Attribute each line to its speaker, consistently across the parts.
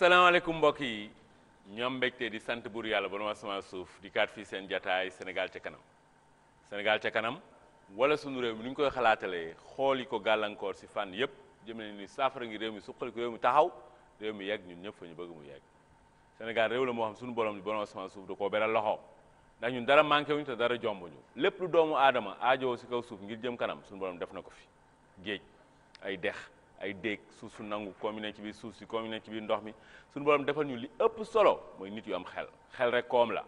Speaker 1: asalaamaaleykum mbokk yi ñoom mbégte di sant buur yàlla ba nu asamaan suuf di kaat fii seen jataay Sénégal ca kanam Sénégal ca kanam wala sunu réew mi ni ñu koy xalaatalee xooli ko gàllankoor si fànn yëpp jëm nañu ni saafara ngi réew mi suqali ko réew mi taxaw réew mi yegg ñun ñëpp fa ñu bëgg mu yegg Sénégal réew la moo xam sunu borom di ba nu asamaan suuf da koo beral loxo ndax ñu dara manqué wuñu te dara jombuñu lépp lu doomu aadama aajowoo si kaw suuf ngir jëm kanam sunu borom def na ko fi géej ay ay déeg suuf su nangu comme yi nekk ci biir suuf si comme yi nekk ci biir ndox mi suñu borom defal ñu li ëpp solo mooy nit yu am xel xel rek koom la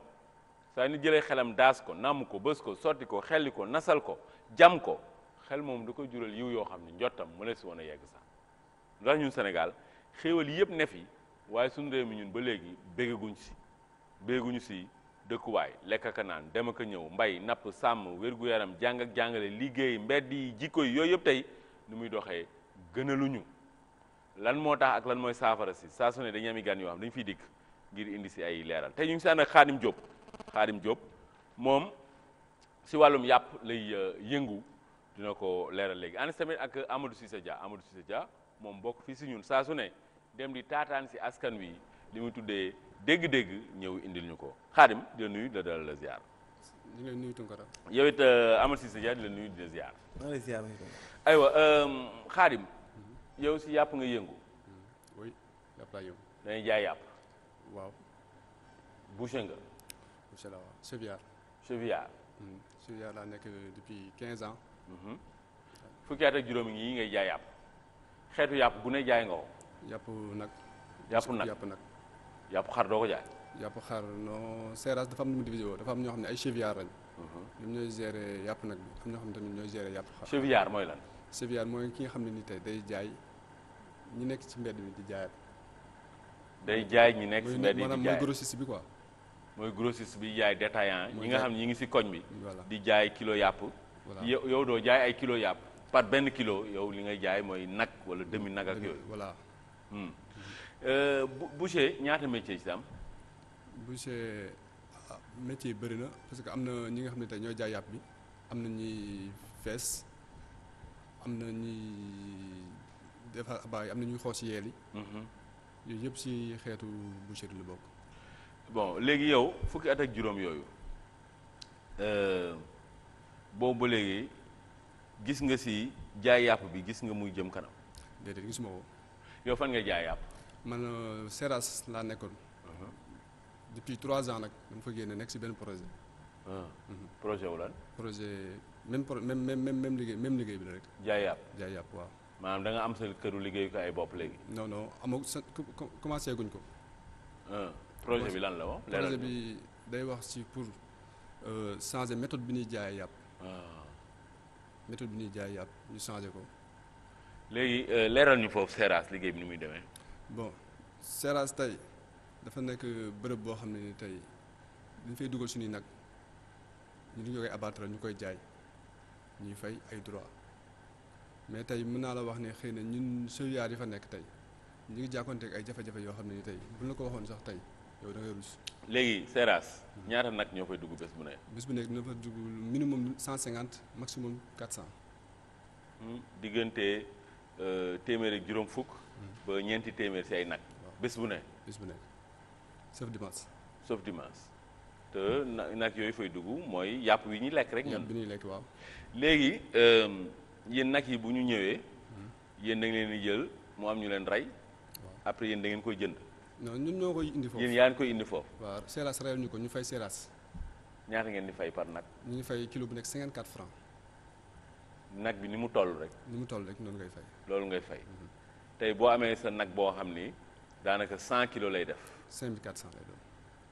Speaker 1: saa nit jëlee xelam daas ko nàmm ko bës ko sotti ko xelli ko nasal ko jam ko xel moom du ko jural yiw yoo xam ne njottam mu ne si woon a yegg sax ndax ñun Sénégal xéewal yëpp ne fi waaye suñu réew mi ñun ba léegi bégguñ si bégguñu si dëkkuwaay lekk ak naan dem ak ñëw mbay napp sàmm wér-gu-yaram jàng ak liggéey mbedd yi jikko yooyu yëpp tey nu muy doxee gënaluñu lan moo tax ak lan mooy saafara si saa su ne dañu ami gan yoo xam dañu fiy dikk ngir indi si ay leeral tey ñu ngi si ànd ak Xaadim Diop moom si wàllum yàpp lay euh, yëngu dina ko leeral léegi ànd tamit ak Amadou Cissé Dia Amadou Cissé Dia moom bokk fii si ñun saa su ne dem di taataan si askan wi li mu tuddee dégg-dégg ñëw indil ñu ko Xaadim di la nuyu la dalal la yow it Amadou di la nuyu euh, aywa Xaadim. Euh, yow si yàpp nga yëngu. Hmm. oui yàpp laa yëngu. dañuy jaay yàpp. waaw. boucher nga. boucher la waaw chevillard. chevillard. Hmm. laa nekk depuis 15 ans. Hmm. fukki at ak ngay jaay yàpp xeetu yàpp bu ne jaay nga ko. yàpp nag. yàpp nag yàpp nag. yàpp xar doo ko jaay.
Speaker 2: yàpp xar non seeraas dafa am nu mu divisé dafa am ñoo xam ne ay chevillard lañ. ñoom ñooy gérer yàpp nag bi am xam ne tamit ñooy gérer mooy lan. chevillard mooy ki nga xam ne nii tey day jaay. ñi nekk ci mbedd mi di jaayaat. day jaay ñi nekk ci mbedd yi di jaay mooy grossiste bi
Speaker 1: quoi. mooy grossiste bi jaay détaillant ñi nga xam ñi ngi ci koñ bi. di jaay kilo yàpp. yow doo jaay ay kilo yàpp par benn kilo yow li ngay jaay mooy nag wala demi nag ak yooyu. voilà. Hmm. Euh, boucher ñaata métier ci am.
Speaker 2: boucher
Speaker 1: ah, métier yi bëri na parce que am na ñi nga
Speaker 2: xam ne tey ñoo jaay yàpp bi am na ñuy fees am na ñuy. defar abaa yi am na ñuy xoos yeel yi. Mhm. yooyu yëpp si xeetu
Speaker 1: boucherie lu bokk. bon léegi yow fukki at ak juróom yooyu euh, boobu ba léegi gis nga ci jaay yàpp bi gis nga muy jëm kanam. déedéet gisuma ko.
Speaker 2: yow fan nga jaay yàpp. man euh, Seras laa nekkoon. Mhm. depuis trois ans nag dama fa génne nekk ci benn projet.
Speaker 1: Ah. Mhm. projet wu lan.
Speaker 2: projet même pro même même même liggéey même liggéey bi la rek.
Speaker 1: jaay yàpp jaay yàpp waaw. maanaam da am sa këru ay bopp léegi.
Speaker 2: non non amoo sa commencé guñ ko.
Speaker 1: Ah, projet bi lan la wax. projet
Speaker 2: bi day wax si pour euh, changer méthode bi ñuy jaay yàpp. Ah. méthode bi ñuy jaay yàpp ñu changer ko.
Speaker 1: léegi euh, leeral ñu foofu Seras liggéey bi nu muy demee.
Speaker 2: bon Seras tey dafa nekk bërëb boo xam ne ni tey dañ fay dugal suñuy nag ñu ngi koy abattre ñu koy jaay ñuy fay ay droit mais tey mën naa la wax ne xëy na ñun sëriyaar yi fa nekk tey ñu ngi jàkkoonteeg ay jafe-jafe yoo xam ne ni tey bu la ko
Speaker 1: waxoon sax tey yow da ngay léegi Seras hmm. ñaata nag ñoo fay dugg bés bu nekk.
Speaker 2: bés bu nekk dina fa dugg minimum cent cinquante maximum quatre cent.
Speaker 1: Hmm, diggante euh, téeméer ak hmm. ba ñeenti téeméer si ay nag. bés bu nekk bés bu nekk sauf dimanche. sauf dimanche te nag yooyu fay dugg mooy yàpp wi ñuy lekk rek. ñun bi ñuy lekk waaw. léegi. Euh, yéen nag yi bu ñu ñëwee yéen da ngeen leen di jël mu am ñu leen rey après yéen da ngeen koy jënd.
Speaker 2: non ñun ñoo koy indi foofu yéen yaa
Speaker 1: ngi koy indi foofu. waaw seeraas reyal ko ñu fay seeraas. ñaata ngeen di fay par nag.
Speaker 2: ñu ngi fay kilo bu nekk 54 francs
Speaker 1: nag bi ni mu toll rek. ni mu
Speaker 2: toll rek noonu ngay
Speaker 1: fay. loolu ngay fay mhm. tey boo amee sa nag boo xam ni daanaka cent kilos lay def.
Speaker 2: 5400 lay doon.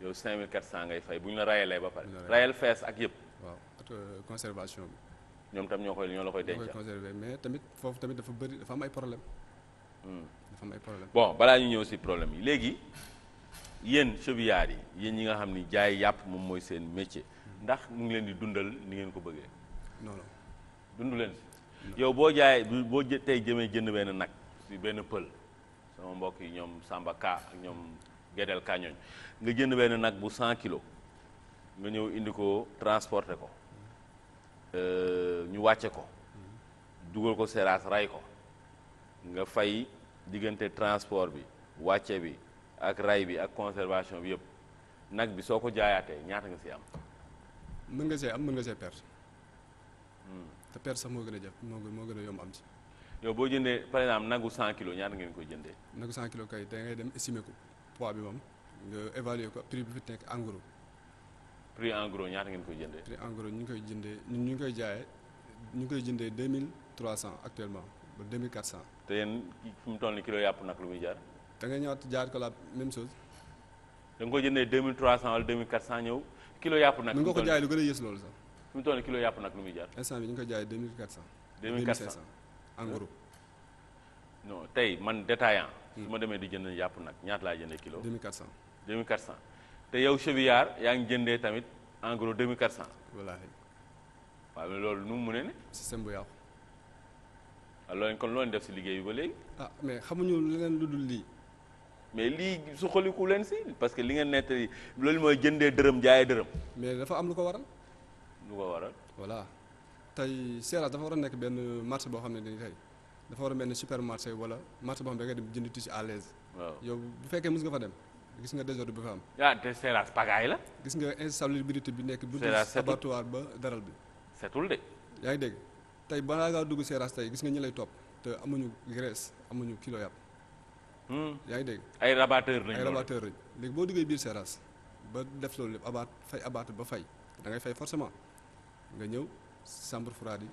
Speaker 1: yow cent ngay fay bu ñu la rayalee ba pare. rayal fees ak yëpp. waaw euh, conservation bi. ñoom tam ñoo koy ñoo la koy denc. ñoo koy conserver
Speaker 2: mais tamit foofu tamit dafa bëri dafa am ay problème
Speaker 1: hmm. dafa am problème bon balaa ñu ñëw si problème yi léegi yéen chevillard yi yéen ñi nga xam ni jaay yàpp moom mooy seen métier ndax mu ngi leen di dundal ni ngeen ko bëggee. non non dund leen yow boo jaayee boo jë tey jëmee jënd benn nag si benn pël sama mbokk yi ñoom Samba Ka ak ñoom Gédel Ka nga jënd benn nag bu 100 kilos nga ñëw indi ko transporter ko. Euh, ñu wàcce ko dugal ko seeraas ray ko nga fay diggante transport bi wàcce bi ak ray bi ak conservation bi yëpp nag bi soo ko jaayaatee ñaata nga si am mën nga see am mën nga see perte
Speaker 2: hmm. te perte sax moo gën a jëf moo gën a yomb am si
Speaker 1: yow boo jëndee par exemple nagu cent kilos ñaata ngeen koy jëndee
Speaker 2: nagu cent kilos kay da dem estimer ko poids bi moom nga évaluer ko prix bi fi nekk en gros
Speaker 1: prix en gros ñaata ngeen koy jëndee. prix en
Speaker 2: gros ñu ngi koy jëndee ñun ñu ngi koy jaayee ñu ngi koy jëndee deux mille trois cent actuellement deux mille quatre cent.
Speaker 1: te yéen fi toll nii kilo yàpp nag muy jaar.
Speaker 2: da nga ko da
Speaker 1: nga koy jëndee deux mille trois cent wala deux mille quatre ñëw kilo yàpp nag. mu ngi ko jaayee
Speaker 2: lu gën a yées loolu sax.
Speaker 1: fi mu toll nii kilo yàpp nag lu muy jaar.
Speaker 2: instant bi ñu ngi koy jaayee deux mille quatre cent. deux mille quatre cent
Speaker 1: en tey man détaillant. su hmm. ma demee di jënd yàpp nag ñaata laa jëndee kilo. deux mille quatre cent. te yow chevillard yaa ngi jëndee tamit en gros 2400. wallaahi waaw loolu nu mu mënee ne. système bu yàqu. Ah, loolu kon loolu def si liggéey bi ba léegi.
Speaker 2: Ah, mais xamuñu lu dul lii.
Speaker 1: mais lii su xoliku leen si parce que li nga nettali loolu mooy jëndee dërëm jaaye dërëm. mais dafa am lu ko waral. lu ko waral. voilà
Speaker 2: tey Seras dafa war nekk benn marché boo xam ne nii tey dafa war a mel ni supermarché wala marché boo xam ne da nga dem jënd tuuti à l'aise. yow bu fekkee mës nga fa dem. gis nga désordre bi fa am.
Speaker 1: ah te serrage pagaille la.
Speaker 2: gis nga insalubrité bi nekk. serrage setul buntu abattoir ba daral bi. setul de. yaa ngi dégg tey balaa ngaa dugg serrage tey gis nga ñi lay topp te amuñu amuñu kilo yàpp.
Speaker 1: Hmm. yaa ngi dégg. ay rabatteur lañ ay rabatteur
Speaker 2: léegi boo duggee biir serrage ba def loolu lépp abaat fay abaat ba fay da ngay fay forcément nga ñëw chambre froide yi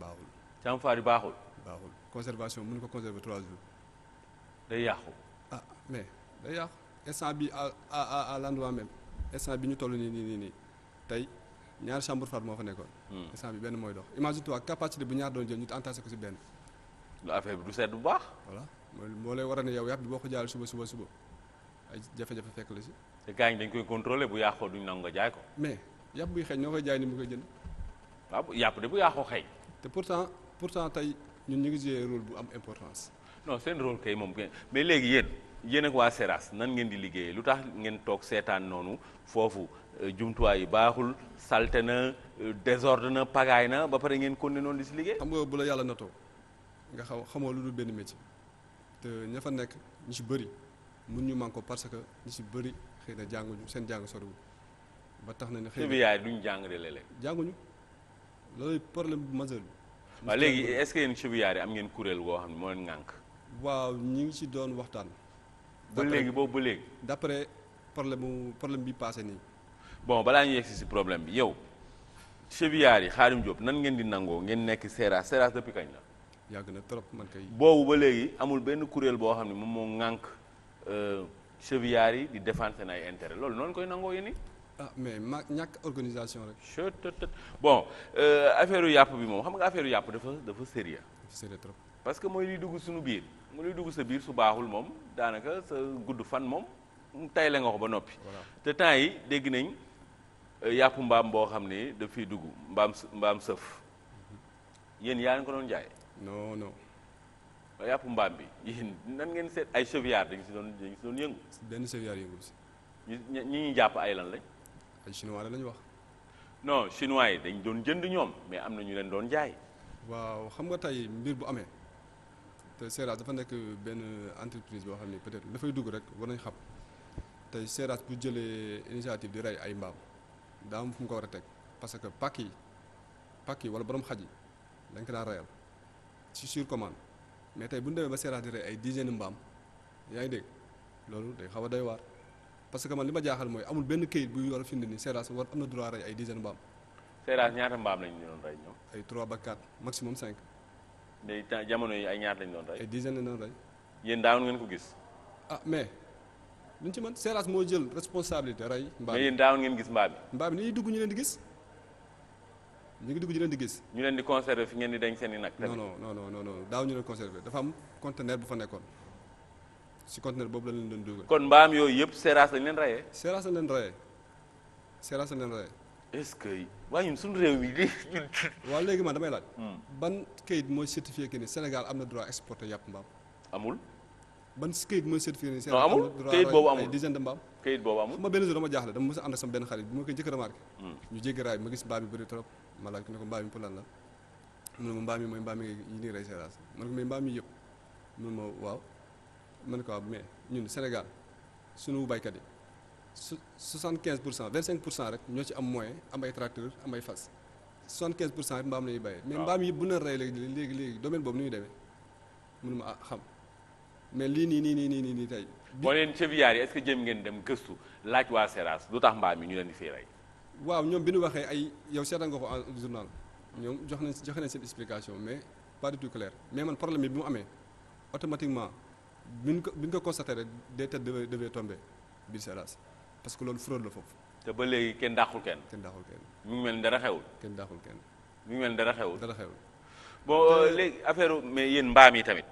Speaker 2: baaxul. chambre baaxul. baaxul conservation mënu ko conserver trois jours. day yàqu. ah mais day yàqu. instant bi à à à l'endroit même instant bi ñu toll nii nii nii nii tey ñaar chambre froide moo fa nekkoon. Hmm. instant bi benn mooy dox imagine toi capacité bu ñaar doon jël ñu entassé ko ci benn.
Speaker 1: lu affaire bi du seet bu baax. voilà
Speaker 2: moo lay war a ne yow yàpp bi boo ko jaayal suba suba suba ay
Speaker 1: jafe-jafe fekk la ci. te gaañ dañ koy contrôler bu yàqoo duñu nangu nga jaay ko.
Speaker 2: mais yàpp buy xeeñ noo koy jaay ni mu koy jënd.
Speaker 1: waaw yàpp de bu yàqoo xeeñ.
Speaker 2: te pourtant pourtant tey ñun ñu ngi jouer rôle bu am importance.
Speaker 1: non seen rôle kay moom mais léegi yéen. yéen ak waa Seras nan ngeen di liggéey lu tax ngeen toog seetaan noonu foofu euh, jumtuwaay yi baaxul salte na euh, désordre na pagaay na ba pare ngeen kon ne noonu di si liggéey. xam nga bu la yàlla natoo
Speaker 2: nga xaw xamoo lu dul benn métier te ña nekk ñu si bëri mun ñu man ko parce que ñu si bëri xëy na jànguñu seen jàng soriwul ba tax na ne xëy na
Speaker 1: yaay duñ jàng de léeg-léeg
Speaker 2: jànguñu loolu problème bu majeur bi.
Speaker 1: waaw léegi est-ce que yéen chevillards yi am ngeen kuréel goo xam ne moo leen
Speaker 2: waaw ñu ngi ci doon waxtaan. ba léegi boobu ba léegi. d'après problème mu problème bi passé nii.
Speaker 1: bon balaa ñu yegsi si problème bi yow chevillard yi Khadim Diop nan ngeen di nangoo ngeen nekk Seras Seras depuis kañ la. yàgg na trop man kay. boobu ba léegi amul benn kuréel boo xam ne moom moo ŋànk euh, chevillard yi di défendre seen ay intérêt loolu noonu koy nangoo yéen ah
Speaker 2: mais ma ñàkk organisation rek. chut
Speaker 1: bon euh, affaire yàpp bi moom xam nga affaire yàpp dafa dafa sérieux. sérieux mooy liy dugg suñu biir. mu luy dugg sa biir su baaxul moom daanaka sa gudd fan moom tey la nga ko ba noppi. te temps yi dégg nañ euh, yàpp mbaam boo xam ne daf fiy dugg mbaam mbaam sëf mm-hmm. yéen yaa ngi ko doon jaay. non non. mbaam bi yéen nan ngeen seet ay cheviard dañ si doon dañ si doon yëngu. benn si. ñi ñuy jàpp ay lan lañ. ay chinois lañ wax. non chinois yi dañ doon jënd ñoom mais am na ñu leen doon jaay.
Speaker 2: waaw xam nga tey mbir bu amee. te Seras dafa nekk benn entreprise boo xam ne peut-être dafay dugg rek war nañ xam tey Seras bu jëlee initiative di rey ay mbaam daa am fu mu ko war a teg parce que pack yi pàkk yi wala borom xaj yi dañ ko daan reyal ci sur commande mais tey bu ñu demee ba Seras di rey ay dizaine mbaam yaa ngi dégg loolu day xaw a doy waar parce que man li ma jaaxal mooy amul benn kayit bu yor fi mu ne nii Seras war am na droit rey ay dizaine mbaam.
Speaker 1: Seras ñaata mbaam lañu doon rey ñoom. ay 3 ba 4 maximum 5. day jamono yi ay ñaar lañ doon rey. ay dizaine lañ doon rey. ngeen ko gis.
Speaker 2: ah mais luñ ci mën Seras moo jël responsabilité rey. mbaa bi mais yéen
Speaker 1: ngeen gis mbaa bi. mbaa bi ni dugg ñu leen di gis ñu ngi leen di gis. ñu leen di conserver fi ngeen di denc seen i nag. non non non non daaw ñu leen conserver dafa
Speaker 2: am conteneur bu fa nekkoon si conteneur boobu la leen doon dugal. kon
Speaker 1: mbaam yooyu yëpp Seras lañ leen reyee. Seras lañ leen reyee Seras lañ leen reyee. est-ce que waaye ñun
Speaker 2: suñu réew mi lii ñun. waaw léegi man damay laaj. Hmm. ban kayit mooy certifié que ni Sénégal am na droit exporter yàpp mbaam. amul. ban kayit mooy certifié que ni Sénégal amul kayit boobu amul dizaine de mbaam. kayit boobu amul ma benn a ànd ak sama benn xarit bi ma a remarqué. Hmm. ñu jéggi raay ma gis mbaam yi bëri trop ma laaj ko ne la mu ne mooy mbaam yi ñuy rey séeraas ma ne ko mais mbaam yi yëpp mu ne ma waaw ma ne ko waaw mais ñun Sénégal suñu baykat yi su 75 pour cent 25 pour cent rek ñoo ci am moyen am ay tracteurs am ay fas 75 pour cent rek mbaam la ñuy béyee. mais mbaam yi bu na rey léegi léegi domaine boobu ni demee mënuma ah xam mais lii nii nii nii nii nii tey.
Speaker 1: boo leen chevillards yi est que jëm ngeen dem gëstu laaj waa Seras lu tax mbaam yi ñu leen fii rey.
Speaker 2: waaw ñoom bi ñu waxee ay yow seetaan nga ko en journal ñoom jox nañ joxe nañ seen explication mais pas du tout mais man problème bi mu amee automatiquement bi ñu ko bi ñu ko constaté rek parce que loolu fraude la foofu.
Speaker 1: te ba léegi kenn dàqul kenn. kenn dàqul kenn. mu ngi mel ni dara xewul. kenn dàqul kenn. mu ngi mel ni dara xewul. dara xewul boo euh, léegi affaire mais yéen mbaam yi tamit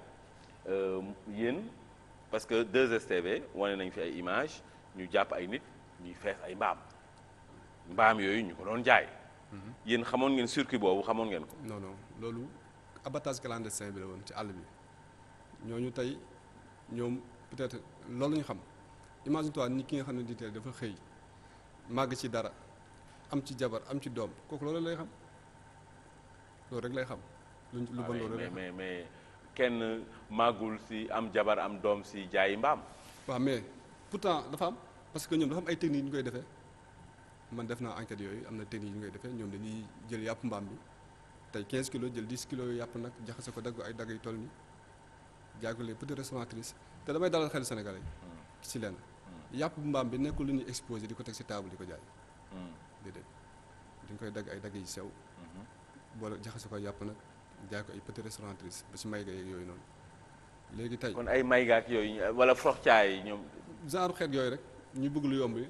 Speaker 1: euh, yéen parce que 2STV wane nañ fi ay image ñu jàpp ay nit ñuy fees ay mbaam mbaam yooyu ñu ko doon jaay. Mhm. yéen xamoon ngeen circuit boobu xamoon ngeen ko.
Speaker 2: non loolu loolu abattage clandestin bi la woon ci àll bi ñooñu tey ñoom peut-être loolu ñu xam. imagine toi nit ki nga xam ne detail dafa xëy màgg ci dara am ci jabar am ci doom kooku loolu lay xam loolu rek lay xam. lu lu bon loolu
Speaker 1: mais mais kenn màggul si am jabar am doom si jaayi mbaam.
Speaker 2: waaw mais pourtant dafa am parce que ñoom dafa am ay techniques ñu koy defee man def naa enquête yooyu am na technique ñu koy defee ñoom dañuy jël yàpp mbaam bi tey 15 kilo jël 10 kilos yu yàpp nag jaxase ko dagg ay dagg yu toll nii jaay ko les petites restauratrices te damay dalal xel Sénégalais yi si hmm. lenn. yàpp mbaam bi nekkul lu ñuy exposé di ko teg si table di ko jaay. Hmm. déedéet dañ koy dagg ay dagg yu sew. Hmm. boole jaxase ko yàpp nag jaay ko ay petit restauratrice ba si mayga yeeg yooyu noonu.
Speaker 1: léegi tey kon ay mayga ak yooyu wala froxcaay ñoom. genre xeet yooyu
Speaker 2: rek ñu bëgg lu yomb yi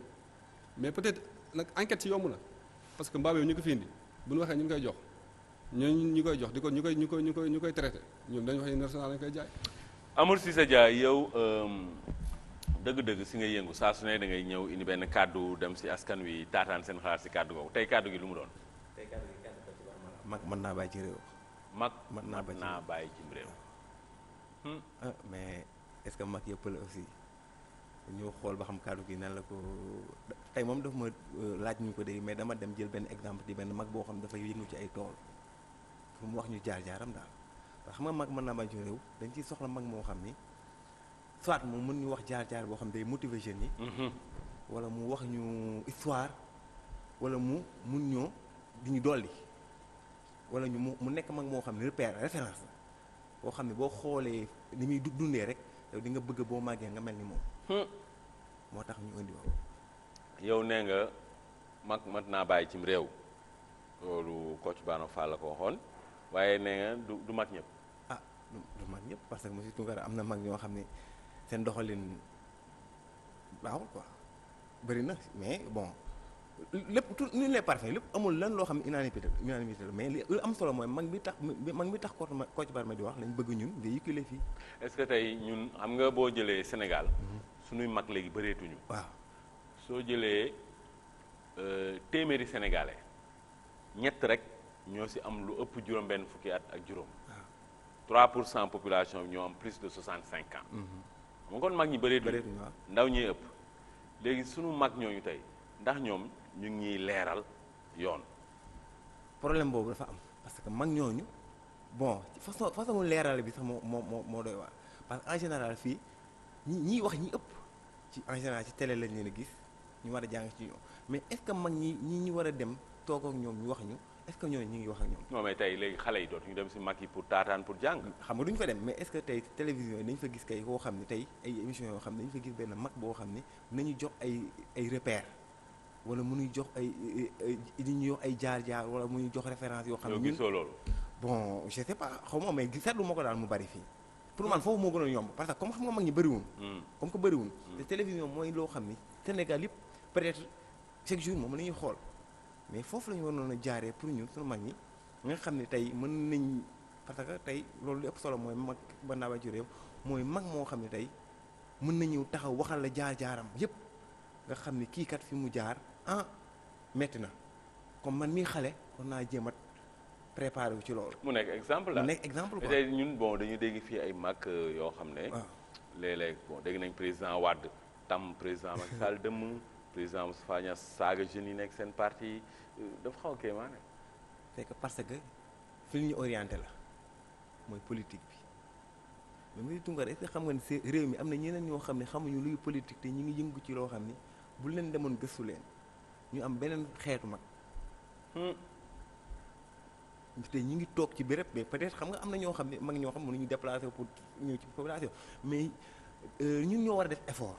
Speaker 2: mais peut-être nag enquête si yomb na parce que mbaam yooyu ñu ko fii indi bu ñu waxee ñu ngi koy jox ñooñu ñu koy jox di ko ñu koy ñu koy ñu koy ñu koy traité ñoom dañu wax ne national lañ koy jaay.
Speaker 1: Amour Cissé Dia yow. Euh, dëgg-dëgg si nga yëngu saa su ne da ngay ñëw indi benn kàddu dem si askan wi taataan seen xalaat si kàddu googu tey kàddu gi lu mu doon. tey mag
Speaker 3: mën naa bàyyi ci réew. mag mën naa
Speaker 1: bàyyi ci réew.
Speaker 4: Hmm?
Speaker 3: Ah, mais est-ce que mag yëpp la aussi ñu xool ba xam kàddu gi nan la ko tey moom daf ma euh, laaj ñu ko dégg mais dama dem jël benn exemple di benn mag boo xam dafa yëngu ci ay tool fu mu wax ñu jaar jaaram daal parce que mag mën naa bàyyi ci réew dañ ciy soxla mag moo xam ni. soit moom mën ñu wax jaar-jaar boo xam day motiver jeunes yi. Mhm. wala mu wax ñu histoire wala mu mun ñoo di ñu dolli wala ñu mu mu nekk mag moo xam ne repère référence boo xam ne boo xoolee ni muy dundee rek yow di nga bëgg boo màggee nga mel ni moom. Hmm. moo tax
Speaker 1: ñu indi woon. yow nee nga mag mat naa bàyyi cim réew loolu coach Bano Fall la ko waxoon waaye nee nga du du mag ñëpp. ah du mag
Speaker 3: ñëpp parce que monsieur Tounkara am na mag ñoo xam ne. seen doxalin baaxul quoi bëri na mais bon lépp tout nul n'est parfait lépp amul lan loo xam ne unanimité unanimité mais li am solo mooy mag mi tax mag mi tax Kocc Barma di wax lañ bëgg ñun véhiculer
Speaker 5: fii.
Speaker 1: est-ce que tey ñun xam nga boo jëlee Sénégal. Mm-hmm. suñuy mag léegi bëreetuñu. waaw soo jëlee euh, téeméeri sénégalais ñett rek ñoo ci am lu ëpp juróom-benn fukki at ak juróom. 3 pour cent population bi ñoo am plus de 65 ans. Mm-hmm. mu kon mag ñi bëreetul ndaw ñuy ëpp léegi suñu mag ñooñu tey ndax ñoom ñu ngi ñuy leeral yoon
Speaker 3: problème boobu dafa am parce que mag ñooñu bon façon façon leeral bi sax moo moo moo doy wax parce que en général fii ñi ñiy wax ñi ëpp ci en général ci télé lañ leen a gis ñu war a jàng ci ñoom mais est-ce que mag ñi ñi ñu war a dem toog ak ñoom ñu wax ñu est-ce que ñooñu ñu ngi wax ak ñoom.
Speaker 1: non mais tey léegi xale yi dootuñu dem si mag yi pour taataan pour jàng. xam nga duñ fa dem mais
Speaker 3: est-ce que tey télévision yi nañ fa gis kay koo xam ne tey ay émissions yoo xam ne dañu fa gis benn mag jox ay ay repères wala mënuñ jox ay di ñu jox ay jaar-jaar wala mënuñ jox référence yoo xam ne. gisoo loolu. bon je xaw ma mais seetlu ko daal mu bari fii. pour man foofu moo yomb parce que comme xam nga mag ñi bëriwul. Hmm. comme que bëriwul. Hmm. mooy loo xam ni Sénégal yëpp peut-être chaque jour moom la ñuy xool mais foofu la ñu waroon a jaaree pour ñun suñu mag ñi nga xam ne tey mën nañ parce que tey loolu li ëpp solo mooy mag ba naa jur yëpp mooy mag moo xam ne tey mën na ñëw taxaw waxal la jaar-jaaram yëpp nga xam ne kii kat fi mu jaar ah metti na comme man mii xale war naa jéemat préparé wu ci loolu. mu nekk exemple la mu nekk exemple quoi tey
Speaker 1: ñun bon dañu dégg fii ay mag euh, yoo xam ne. waaw ah. léeg-léeg bon dégg nañ président Wade tam président Macky Sall dem président Moustapha Niass saaga jeunes yi nekk seen parti yi dafa xaw a eh, kéemaane.
Speaker 3: c'est parce que fi ñu orienté la mooy politique bi mais muy Tounkara xam nga ne réew mi am na ñeneen ñoo xam ne xamuñu luy politique te ñu ngi yëngu ci loo xam ni bu leen demoon gëstu ñu am beneen xeetu mag. Hmm. te ñu ngi toog ci béréb mais peut-être xam nga am na ñoo xam ne mag ñoo xam ñu déplacé pour ñu ci population mais euh, ñun ñoo war a def effort.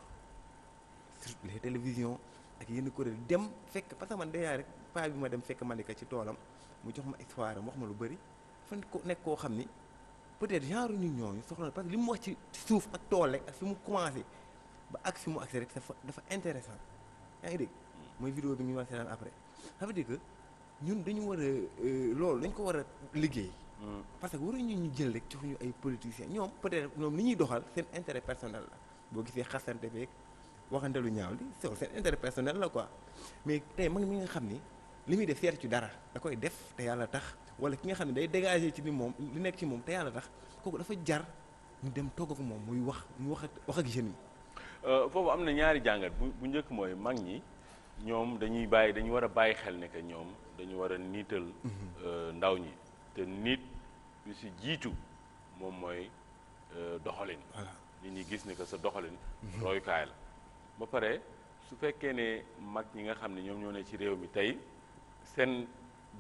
Speaker 3: les télévisions ak yenn kuréel dem fekk parce que man déjà rek paa bi ma dem fekk Malika ci toolam mu jox ma histoire wax ma lu bëri dafa nekk koo xam ni peut-être genre ñu ñooñu soxla parce li mu wax ci suuf ak tool rek ak fi mu commencé ba ak fi mu agsi rek dafa dafa intéressant yaa ngi dégg mooy vidéo bi ñu ma seetaan après ça veut que ñun dañu war a euh, loolu dañ ko war a liggéey mm. parce que waruñu ñu ñu jël rek joxuñu ay politiciens ñoom peut-être ñoom li ñuy doxal seen intérêt personnel la boo gisee xasante beeg waxante lu ñaaw li so seen intérêt personnel la quoi mais tey mag mi nga xam ni li muy def seet ci dara da koy def te yàlla tax wala ki nga xam ne day dégager ci ni moom lu nekk ci moom te yàlla tax kooku dafa jar ñu dem togg ak moom muy wax mu wax ak wax ak jeunes yi.
Speaker 1: Euh, foofu am na ñaari jàngat bu bu njëkk mooy mag ñi ñoom dañuy bàyyi dañu war a bàyyi xel ne que ñoom dañu war a niital mhm. euh, ndaw ñi te niit lu si jiitu moom mooy euh, doxalin. li ñi gis ne que sa doxalin. Mhm. la. ba pare su fekkee ne mag ñi nga xam ne ñoom ñoo ne ci réew mi tey seen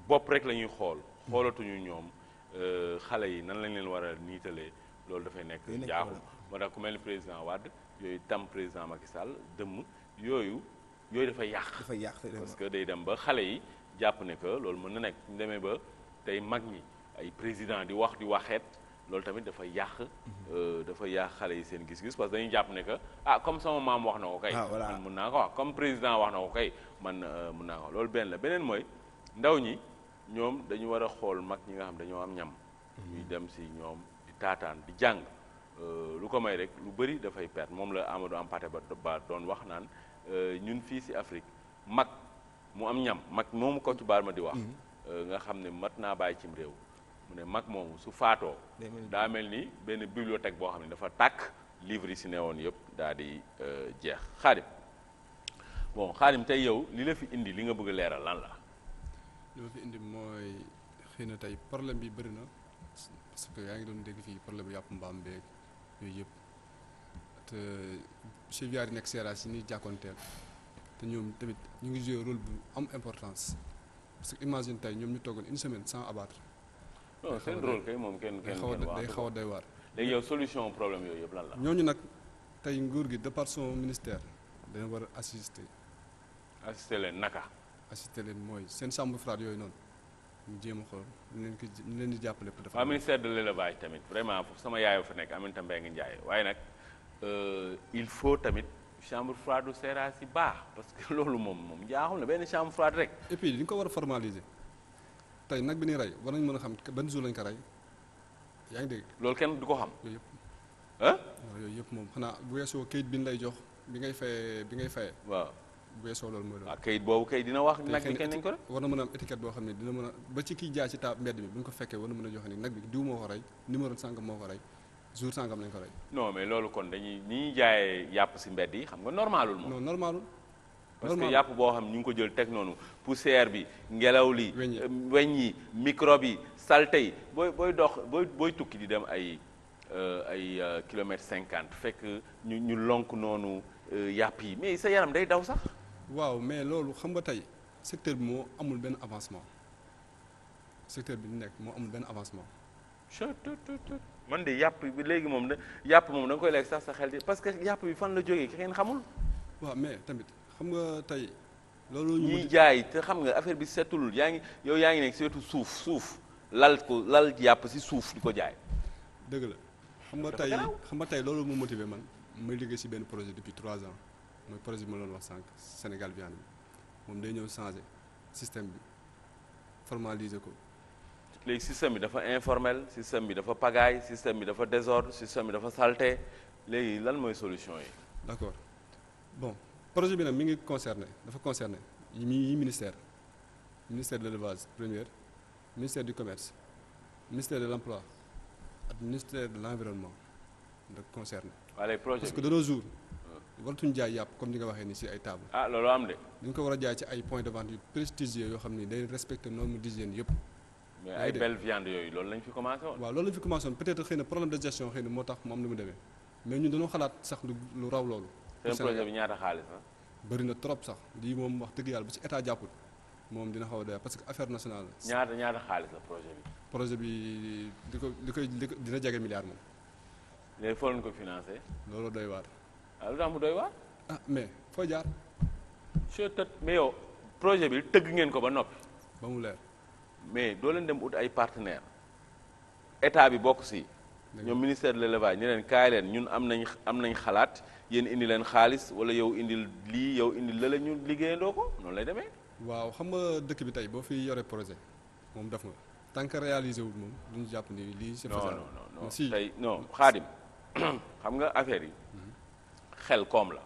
Speaker 1: bopp rek la ñuy xool xoolatuñu ñoom euh, xale yi nan lañ leen war a niitalee loolu dafay nekk njaaxum moo tax ku mel ni président Wade yooyu tam président Macky dëmm yooyu yooyu dafa yàq dafa yàq parce que day dem ba xale yi jàpp ne que loolu mën na nekk ñu demee ba tey mag ñi ay président di wax di waxeet loolu tamit dafa yàq euh, dafa yàq xale yi seen gis-gis parce que dañuy jàpp ne que ah comme sama maam wax na ko kay ah, man mun naa ko wax comme président wax na ko kay man euh, mun naa ko wax benn beneen mooy ndaw ñi ñoom dañu war a xool mag ñi nga xam dañoo am ñam mhm. ñuy dem si ñoom di taataan di jàng euh, lu ko may rek lu bëri dafay perte moom la Amadou Hampâté Bâ doon wax naan ñun fii si Afrique mag mu am ñam mag moom ko ci baar ma di wax mhm. nga xam ne mat naa bàyyi cim réew mu ne mag moomu su faatoo daa mel ni benn bibliothèque boo xam ne dafa tàkk livre yi si woon yëpp daal di euh, jeex xaadim bon xaadim tey yow li la fi indi li nga bëgg leeral lan la
Speaker 2: li ma fi indi mooy xëy na tey problème bi bëri na parce que yaa ngi doon dégg fii problème yàpp mbaam beeg yooyu yëpp te cheviar yi nekk seeraas yi ñuy jàkkoonteel te ñoom tamit ñu ngi joué rôle bu am importance parce que imagine tey ñoom ñu toogoon une semaine sans abattre non seen rôle kay moom kenn kenn day xaw a
Speaker 1: doy waar. léegi yow solution problème yooyu yëpp lan la. ñooñu nag
Speaker 2: tey nguur gi de par son ministère dana war a assister. assister leen naka. assister leen mooy seen sàmm fraat yooyu noonu ñu jéem a xool ñu leen ki ñu leen di jàppale. dafa am ministère
Speaker 1: de l'élevage tamit vraiment foofu sama yaayoo fa nekk Aminata ngi Ndiaye waaye nag euh, il faut tamit. chambre froide du seeraas yi baax parce que loolu moom moom jaaxul benn chambre froide rek. et puis ko war a formaliser.
Speaker 2: tey nag bi ñuy rey war nañ mën a xam ban jour lañ ko rey yaa ngi dégg.
Speaker 1: loolu kenn du ko xam. yooyu yëpp yooyu yëpp moom
Speaker 2: xanaa bu weesoo kayit bi ñu lay jox bi ngay fayee bi ngay fayee.
Speaker 1: waaw bu weesoo loolu mooy loolu. ah kayit boobu kayit ko war
Speaker 2: na mën a am boo xam ne dina mën a ba ci kiy jaay ci taab bi bu ko fekkee war na mën a joxe ni nag bi diw moo ko rey numéro moo ko rey jour sàngam lañ ko rey.
Speaker 1: non mais loolu kon dañuy ni ñuy jaayee yàpp si mbedd yi xam nga normalul moom. non parce que yàpp boo xam ñu ngi ko jël teg noonu poussière bi ngelaw li weñ yi euh, microbe yi salte yi booy booy dox booy booy tukki di dem ay euh, ay euh, kilomètre cinquante fekk ñu ñu lonk noonu yàpp yi mais sa yaram day daw sax
Speaker 2: waaw mais loolu xam nga tey secteur bi moo amul benn avancement secteur bi nekk moo amul benn avancement
Speaker 1: man de yàpp bi léegi moom da yàpp moom da nga koy lekk sax sa xel di parce que yàpp bi fan la jógee ki ngeen xamul waaw mais tamit xam nga tey. loolu ñu ñuy jaay te xam nga affaire bi setul yaa ngi yow yaa ngi nekk si wetu suuf suuf lal ko lal yàpp si suuf di ko jaay. dëgg la xam nga tey
Speaker 2: xam nga tey loolu moo motivé man may liggéey si benn projet depuis trois ans mooy projet bi ma doon wax sànq Sénégal bi moom day ñëw changé système bi formaliser
Speaker 1: ko. léegi système bi dafa informel système bi dafa pagaille système bi dafa désordre système bi dafa saleté léegi lan mooy solution yi.
Speaker 2: d'accord bon. projet bi nag mi ngi concerné dafa concerné yi ministère ministère de l'élevage première ministère du commerce ministère de l'emploi ak ministère de l'environnement da concerné. waaye projet parce que de nos jours. Hmm. jaay yàpp comme ni nga waxee ni ci ay table.
Speaker 1: ah loolu am de.
Speaker 2: dañ ko war a jaay ci ay point de vente yu prestigieux yoo xam ni day respecter normes d'hygiène yëpp.
Speaker 1: mais ay belle viande yooyu loolu lañ fi commencé woon.
Speaker 2: waaw loolu lañ fi commencé woon peut-être xëy na problème xalaat sax lu raw seen projet
Speaker 1: bi ñaata xaalis la.
Speaker 2: bëri na trop sax lii moom wax dëgg yàlla bu ci état jàppul moom dina xaw a doy parce que affaire nationale la. ñaata
Speaker 1: ñaata xaalis la projet bi.
Speaker 2: projet bi li ko li ko dina jege milliard
Speaker 1: moom. foo leen ko financé. loolu doy waar. ah mu doy waar.
Speaker 2: Ah, mais foo jaar.
Speaker 1: soo tët mais yow projet bi tëgg ngeen ko ba noppi. ba mu leer. mais doo leen dem ut ay partenaires état bi bokk si. ñoom ministère de l'élevage ñu leen ñun am nañ am nañ xalaat yéen indi leen xaalis wala yow indil lii yow indil la la ñu liggéeyandoo ko noonu lay demee.
Speaker 2: waaw xam nga dëkk bi tey boo fi yore projet moom def nga tant que réalisé wul moom duñu jàpp ni lii. c'est faisable non non non
Speaker 1: tey non xam nga affaire yi mm-hmm. xel koom la.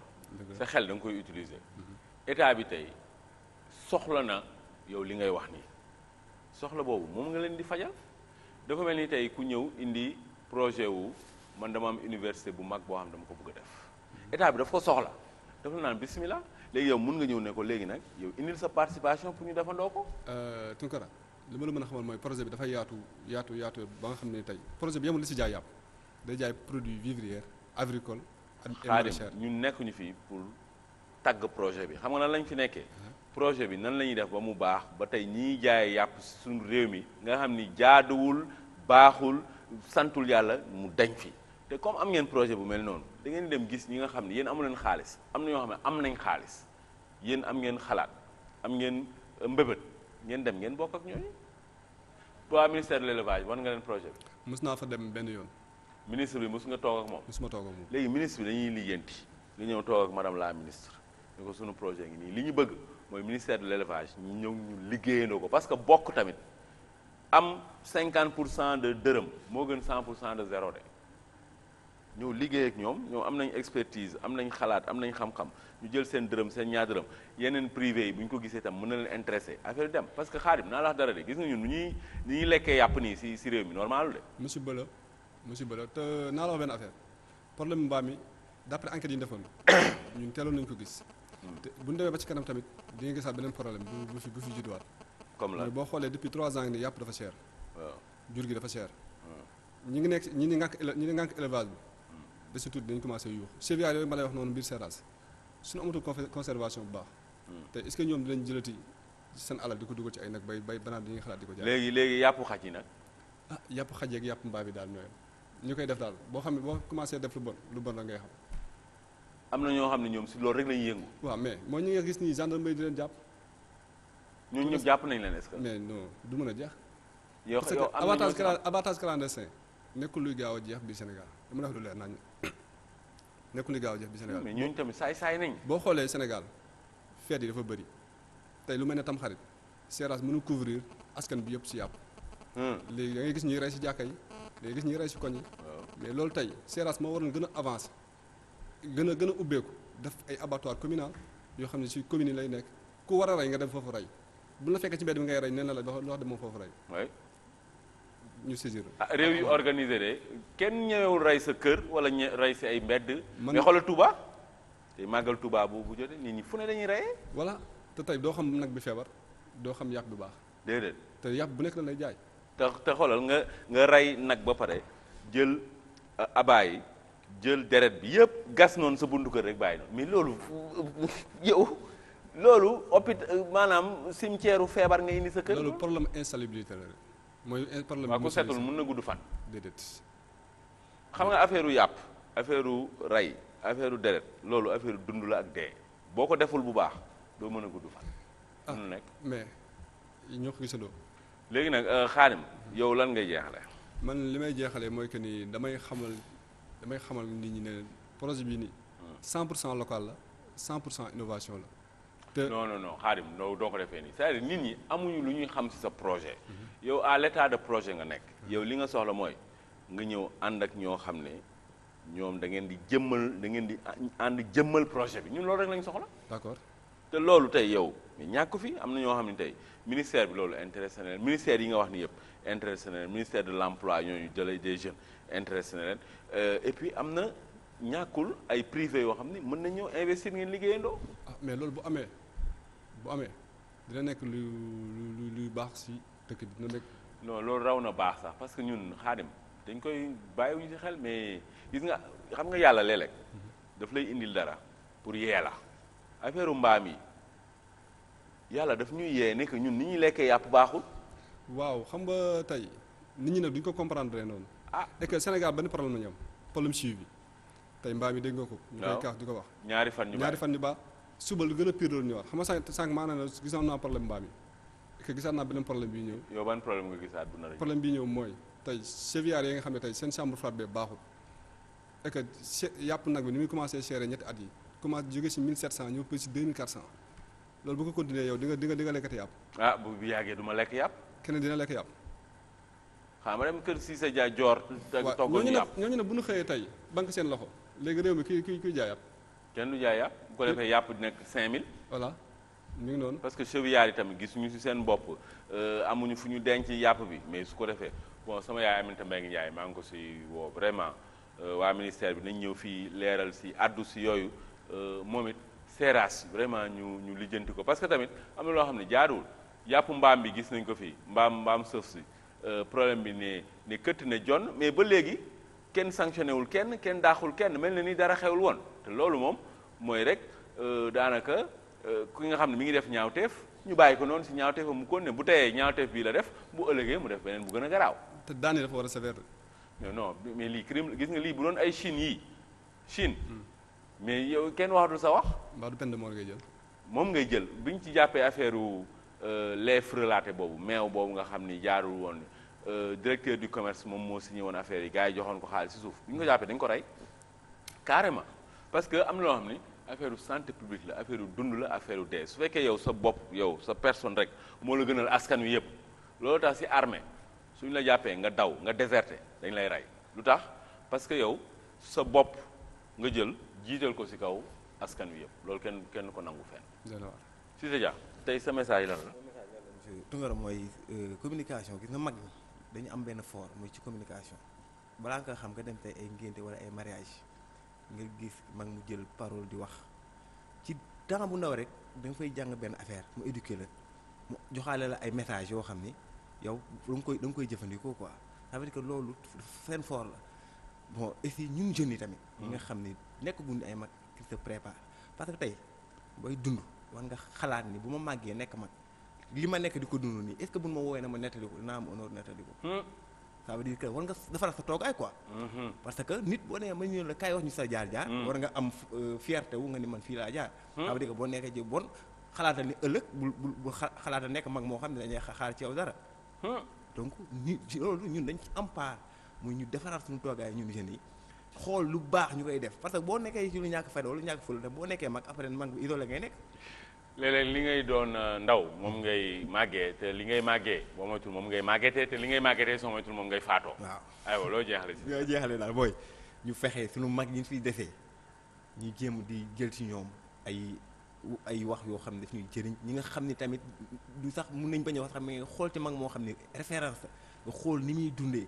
Speaker 1: sa xel da koy utiliser. Mm-hmm. état bi tey soxla na yow li ngay wax nii soxla boobu moom nga leen di fajal dafa mel ni tey ku ñëw indi. projet wu man dama am université bu mag boo xam dama ko bëgg a def état bi daf ko soxla daf la naan bismillah léegi yow mun nga ñëw ne ko léegi nag yow indil sa participation pour ñu defandoo ko.
Speaker 2: Euh, Tunkara li ma la mën a xamal mooy projet bi dafay yaatu yaatu yaatu ba nga xam ne tey projet bi yemul si jaay yàpp day jaay produit vivrier agricole. et
Speaker 1: ñu nekk ñu fii pour tagg projet bi xam nga nan lañ fi nekkee. projet bi nan la ñuy def ba mu baax ba tey ñiy jaay yàpp suñu réew mi nga xam ni jaaduwul baaxul. santul yàlla mu dañ fi te comme am ngeen projet bu mel noonu da ngeen dem gis ñi nga xam ne yéen amu leen xaalis am na ñoo xam ne am nañ xaalis yéen am ngeen xalaat am ngeen euh, mbébét ngeen dem ngeen bokk ak ñooñu waa ministère de l'élevage wan nga leen projet bi. mës naa fa dem benn yoon. ministre bi mës nga toog ak moom. mës ma toog ak moom léegi ministre bi dañuy liggéeyanti nga ñëw toog ak madame la ministre ne ko sunu projet ngi nii li ñu bëgg mooy ministère de l'élevage ñu ñëw liggéeyandoo ko parce que bokk tamit. am cinquante pour cent de dërëm moo gën 100 pour cent de zéro de ñëw liggéey ak ñoom ñoom am nañ expertise am nañ xalaat am nañ xam-xam ñu jël seen dërëm seen ñaar dërëm yeneen privé yi bu ñu ko gisee itam mën na leen intéressé affaire parce que xaarim naa la wax dara de gis nga ñun nu ñuy ni ñuy lekkee yàpp nii si si réew mi normal de.
Speaker 2: monsieur Bala monsieur Bala te naa la wax benn affaire problème mu mbaam mi d'après enquête yi ñu defoon ñun teeloon nañu ko gis. Hmm. bu ñu demee ba ci kanam tamit di nga gisaat beneen problème bu bu fi comme la boo xoolee depuis trois ans yi ne yàpp dafa cher. jur gi dafa cher. ñi ngi nekk ñi ni ngànk ñi ni ngànk élevage bi. de ce tuuti dañu commencé yuux chevière yooyu ma lay wax noonu biir serras suñu amatul conservation bu baax. Hmm. te est ce que ñoom dinañ jëlati seen alal di ko dugal ci ay nag bay bay banaan dañuy xalaat di ko jaay. léegi
Speaker 1: léegi yàpp xaj yi nag.
Speaker 2: ah yàpp xaj yeeg yàpp mbaa bi daal ñooyam ñu koy def daal boo xam ne boo commencé def lu bon lu bon la ngay xam.
Speaker 1: am na ñoo xam ne ñoom si loolu rek lañuy yëngu.
Speaker 2: waaw mais mooy ñu ngi gis nii gendarmerie di jàpp.
Speaker 1: ñooñu ñu jàpp nañ leen est-ce du
Speaker 2: mën a jeex. yoo xam parce que abattage cla abattage nekkul luy gaaw a jeex biir Sénégal dama la wax lu leer nañ nekkul luy gaaw a jeex biir Sénégal. mais ñooñu tamit saay nañ. boo xoolee Sénégal feet yi dafa bëri tey lu mel ne tam xarit séerase mënu couvrir askan bi yëpp si yàpp. Hmm. léegi da ngay gis ñuy rey si jàkka yi da gis ñuy rey si koñ yi. mais loolu tey séerase moo waroon gën a avancer gën a gën a ubbeeku def ay abattoir communal yoo xam ne si commune yi lay nekk ku war a rey nga dem foofu rey bu la fekkee ci mbedd bi ngay rey nee na la loo xam ne moo foofu
Speaker 1: rey. ñu ah, réew yu organisé de kenn ñëwewul rey sa kër wala ñe rey si ay mbedd. mën nga xoolal Touba. te màggal Touba bu bu jotee nit ñi fu ne dañuy reyee.
Speaker 2: te tey doo xam nag bi feebar doo xam yàpp bu baax.
Speaker 1: déedéet te yàpp
Speaker 2: bu nekk la lay jaay.
Speaker 1: te te xoolal nga nga rey nag ba pare jël euh, abaay jël deret bi yëpp gas noonu sa buntu kër rek bàyyi noonu mais loolu yow. loolu hôpit euh, maanaam cimetière feebar nga indi sa kër. loolu problème insalubrité la mooy problème. waaw ku setul mën na gudd fan. déedéet. xam nga affaire yàpp affaire rey affaire deret loolu affaire dund la ak dee boo ko deful bu baax doo mën a gudd fan. ah
Speaker 2: mais ñoo ko
Speaker 1: léegi nag euh, xaalim yow lan ngay jeexale
Speaker 2: man li may jeexalee mooy que ni damay xamal damay xamal nit ñi ne projet bi nii. 100 hmm. pour cent local la cent pour cent innovation
Speaker 1: la. non no non xaarim loolu doo ko defee nii c'est-à-dire nit ñi amuñu lu ñuy xam ci sa projet. yow à l'état de projet nga nekk. yow li nga soxla mooy nga ñëw ànd ak ñoo xam ne ñoom da ngeen di jëmmal da ngeen di ànd jëmmal projet bi ñun loolu rek lañ soxla. d'accord te loolu tey yow ñàkk fi am na ñoo xam ne tey ministère bi loolu intéressé na ministère yi nga wax ni yëpp intéressé na leen ministère de l'emploi ñooñu jëlee des jeunes intéressé na leen euh, et puis am na ñàkkul ay privé yoo xam ne mën nañ ñëw investir ngeen liggéeyandoo. ah mais loolu bu amee.
Speaker 2: bu amee dina nekk lu lu luy baax si dëkk bi dina nekk.
Speaker 1: non loolu raw na baax sax parce que ñun xaadim dañ koy bàyyiwuñu si xel mais gis nga xam nga yàlla léeg-léeg daf lay indil dara pour yee la affaire mbaam yi yàlla daf ñuy yee ne ñun ni ñuy lekkee yàpp baaxul.
Speaker 2: waaw xam nga tey nit ñi nag duñ ko comprendre noonu. ah et que Sénégal benn problème la ñu am problème suivi tey mbaam yi dégg nga ko. ñu koy kaas di ko wax.
Speaker 1: ñaari fan ñu ñaari fan
Speaker 2: ñu baax. suba lu gën a pire loolu ñëwaat xam nga sànq sànq maanaam la naa problème mbaam yi que gisaat naa beneen problème bi ñëw.
Speaker 1: a
Speaker 2: problème bi ñëw mooy tey cheviard yi nga xam ne tey seen chambre froide bee baaxul et que yàpp nag bi ni muy commencé chéré ñetti at yi commencé jóge si 1700 ñëw plus si 2400 loolu bu ko continuer yow di nga di nga di nga lekkati yàpp.
Speaker 1: ah bu yàggee du ma lekk yàpp.
Speaker 2: keneen dina lekk yàpp.
Speaker 1: xam nga dem kër Cissé Dia Dior. waaw ñooñu ne
Speaker 2: ñooñu ne bu ñu xëyee tey banque seen loxo léegi réew mi kuy kuy kuy jaay yàpp.
Speaker 1: kenn du jaay yàpp bu ko defee yàpp di nekk 5000. voilà mi ngi noonu. parce que chevillard yi tamit gisuñu si seen bopp euh, amuñu fu ñu denc yàpp bi mais su ko defee bon sama yaay Aminata Mbengue Ndiaye maa ngi ko si woo vraiment euh, waa ministère bi nañ ñëw fii leeral si addu si yooyu euh, moom it seeraas vraiment ñu ñu lijjanti ko parce que tamit am na loo xam ne jaaduwul yàpp mbaam bi gis nañ ko fii mbaam mbaam sëf si problème bi ne ne këtt ne jonn mais ba léegi kenn sanctionné wul kenn kenn daaxul kenn mel na ni dara xewul woon loolu moom. mooy rek euh, daanaka euh, ki nga xam ne mi ngi def ñaawteef ñu bàyyi ko noonu si ñaawteef mu kon ne bu teyee ñaawteef bii la def bu ëllëgee mu def beneen bu gën a garaaw.
Speaker 2: te daan yi dafa war a sévère.
Speaker 1: non non mais lii crime gis nga lii bu doon ay Chine Chine. Hmm. mais yow kenn waxatul sa wax. mbaa du peine de mort ngay jël. moom ngay jël bi ñu ci jàppee affaire euh, les frelaté boobu meew boobu nga xam ni jaarul woon directeur du commerce moom moo signé woon affaire yi gars yi joxoon ko xaalis si suuf bi ñu ko jàppee dañ ko rey carrément. parce que am na loo xam ni affaire santé publique la affaire dund la affaire dee su fekkee yow sa bopp yow sa personne rek moo la gënal askan wi yëpp loolu tax si armée suñu la jàppee nga daw nga déserté dañ lay rey lu tax parce que yow sa bopp nga jël jiital ko si kaw askan wi yëpp loolu kenn kenn ko nangu fenn. si déjà tey sa message lan la.
Speaker 3: Tounkara mooy euh, communication gis nga mag ñi dañu am benn fort muy ci communication balaa nga xam nga dem tey ay ngénte ay mariage nga gis mag mu jël parole di wax ci temps bu ndaw rek danga nga fay jàng benn affaire mu éduquer la mu joxaale la ay messages yoo xam ni yow da koy da koy jëfandikoo quoi ça veut dire que loolu seen fort la moo et ñun jeunes yi tamit. ñi nga xam ni nekk guñ ay mag qui se prépare parce que tey booy dund war nga xalaat ni bu ma màggee nekk mag li ma nekk di ko dund nii est-ce que buñ ma woowee na ma nettali naa dinaa am honneur nettali ko. Hmm. ça veut dire que war nga defaraat sa toogaay quoi. Mhm. parce que nit boo nee ma ñu la kaay wax ñu sa jaar jaar. Mhm. war nga am euh, fierté wu nga ni man fii laa jaar. Mhm. ça veut boo nekkee ci bon xalaatal ni ëllëg bul nekk mag moo xam ne dañuy xaar ci yow dara. Hmm. donc ñu loolu lu ñu koy def parce que boo nekkee ci lu ñàkk fayda wala ñàkk fulu te boo nekkee mag après mag bi isolé ngay nekk.
Speaker 1: léeg-léeg li ngay doon euh, ndaw moom ngay màggee te li ngay màggee boo moytul moom ngay màggetee te li ngay màggetee soo moytul moom ngay faatoo. waaw aywa loo jeexale si.
Speaker 2: loo jeexale booy ñu
Speaker 3: fexe suñu mag ñi fi defee ñu jéem di jël ci ñoom ay ay wax yoo xam ne daf ñuy jëriñ ñi nga xam ni tamit du sax mun nañ bañ a wax sax mais xool ci mag moo xam ne référence la xool ni muy dundee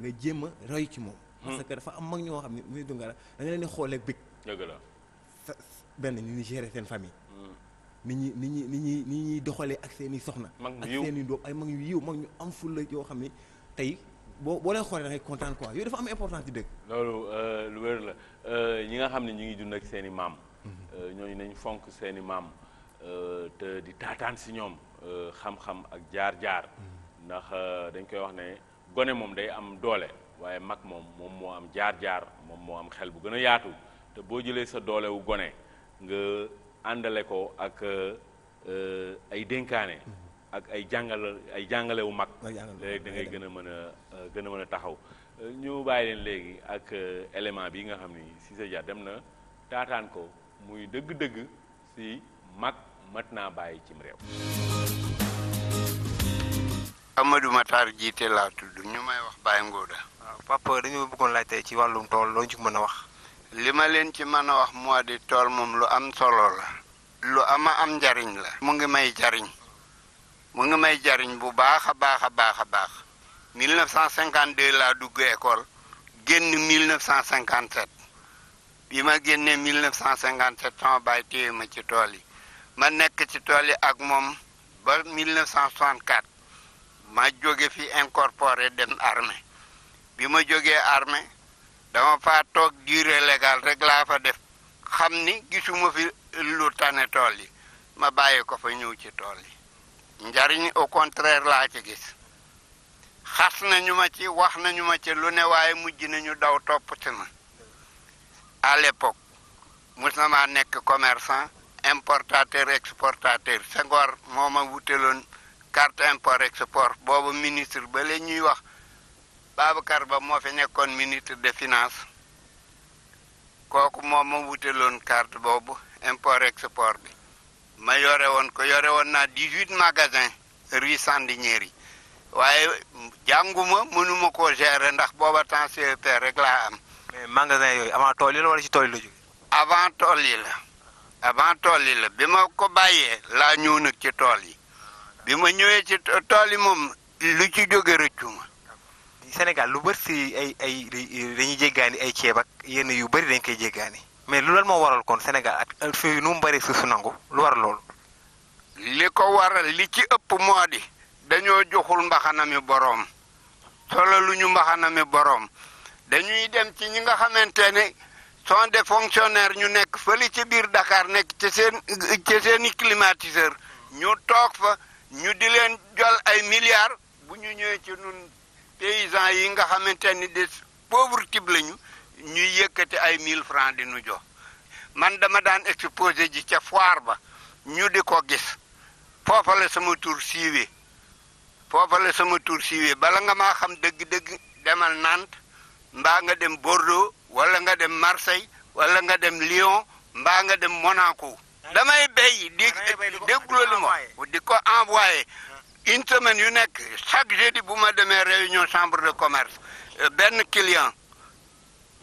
Speaker 3: nga jéem a roy ci moom. Hmm. parce que dafa am mag ñoo xam ne muy dungara da nga leen di xoolee bëgg. dëgg la benn ñu ngi gérer seen famille. ni ñuy ni ñuy ni ñuy ni ñuy doxalee ak seen i soxna. ak seen i doom ay mag yu yiw mag ñu am fulla yoo xam ni tey boo boo leen xoolee da ngay kontaan quoi yooyu dafa am importance ci
Speaker 1: dëkk. loolu euh, lu wér la euh, ñi nga xam ne ñu ngi dund ak seeni maam. Mhm. Euh, ñooñu nañ fonk seen maam te di taataan si ñoom xam-xam ak jaar-jaar. Mhm. ndax dañ koy wax ne gone moom day am doole waaye mag moom moom moo am jaar-jaar moom moo am xel bu gën a yaatu te boo jëlee sa doolewu gone nga. àndale ko ak euh, ay dénkaane mm-hmm. ak ay jàngal ay jàngalewu mag léegi dangay ngay gën a mën a gën a mën a taxaw ñu bàyyi leen léegi ak euh, élément bi nga xam ni Cissé Dia dem na taataan ko muy dëgg-dëgg si mag mat naa bàyyi cim réew
Speaker 4: Amadou Matar jiite laa tudd ñu may wax Baye Ngouda waaw papa dañoo bëggoon laajte ci wàllum tool loo ñu ci mën a wax li ma leen ci mën a wax moo di tool moom lu am solo la lu am a am njariñ la mu ngi may jariñ mu ngi may jariñ bu baax a baax a baax a baax 1952 laa dugg école génn 1957 bi ma génnee 1957 sama baay téye ma ci tool yi ma nekk ci tool yi ak moom ba 1964 ma jóge fi incorporé dem armée bi ma jógee armée dama fa toog durée légale rek laa fa def xam ni gisuma fi lu tane tool yi ma bàyyi ko fa ñëw ci tool yi njariñ au contraire laa ci gis xas nañu ma ci wax nañu ma ci lu ne waaye mujj nañu daw topp ci ma à l'époque mos na maa nekk commerçant importateur exportateur Senghor moo ma wuteloon carte import export boobu ministre ba la ñuy wax Babacar Ba moo fi nekkoon ministre des finances kooku moom ma wuteloon carte boobu import sport bi ma yore woon ko yore woon naa dix-huit magasins rue Sandiniéry waaye jànguma mënuma ko gérer ndax booba temps CEP rek laa am. magasin yooyu avant tool yi la wala ci avant tool la avant tool yi bi ma ko bàyyee laa ñëw nag ci tool yi bi ma ñëwee ci tool yi moom lu
Speaker 3: ci jóge rëccu ma Sénégal lu bëri si ay ay dañuy jéggaani ay ceeb ak yenn yu bëri dañ koy jéggaani mais lu lan moo waral koon Sénégal ak suy nu mu bëree suuf nangu lu war
Speaker 4: loolu. li ko waral li ci ëpp moo di dañoo joxul mbaxanami boroom solo ñu mbaxanami boroom dañuy dem ci ñi nga xamante ne son des fonctionnaires ñu nekk fële ci biir Dakar nekk ci seen ci seen i ñu toog fa ñu di leen jol ay milliards bu ñu ñëwee ci nun paysans yi nga xamante ni des pauvre type lañu ñuy yëkkati ay mille francs di nu jox man dama daan exposé ji ca foire ba ñu di ko gis foofa sama tur siiwee foofa la sama tur siiwee bala nga maa xam dëgg-dëgg demal Nantes mbaa nga dem Bordeaux wala nga dem Marseille wala nga dem lion mbaa nga dem Monaco damay béy di déglu lu ma di ko envoyé une semaine yu nekk chaque jeudi bu ma demee réunion chambre de commerce euh, benn client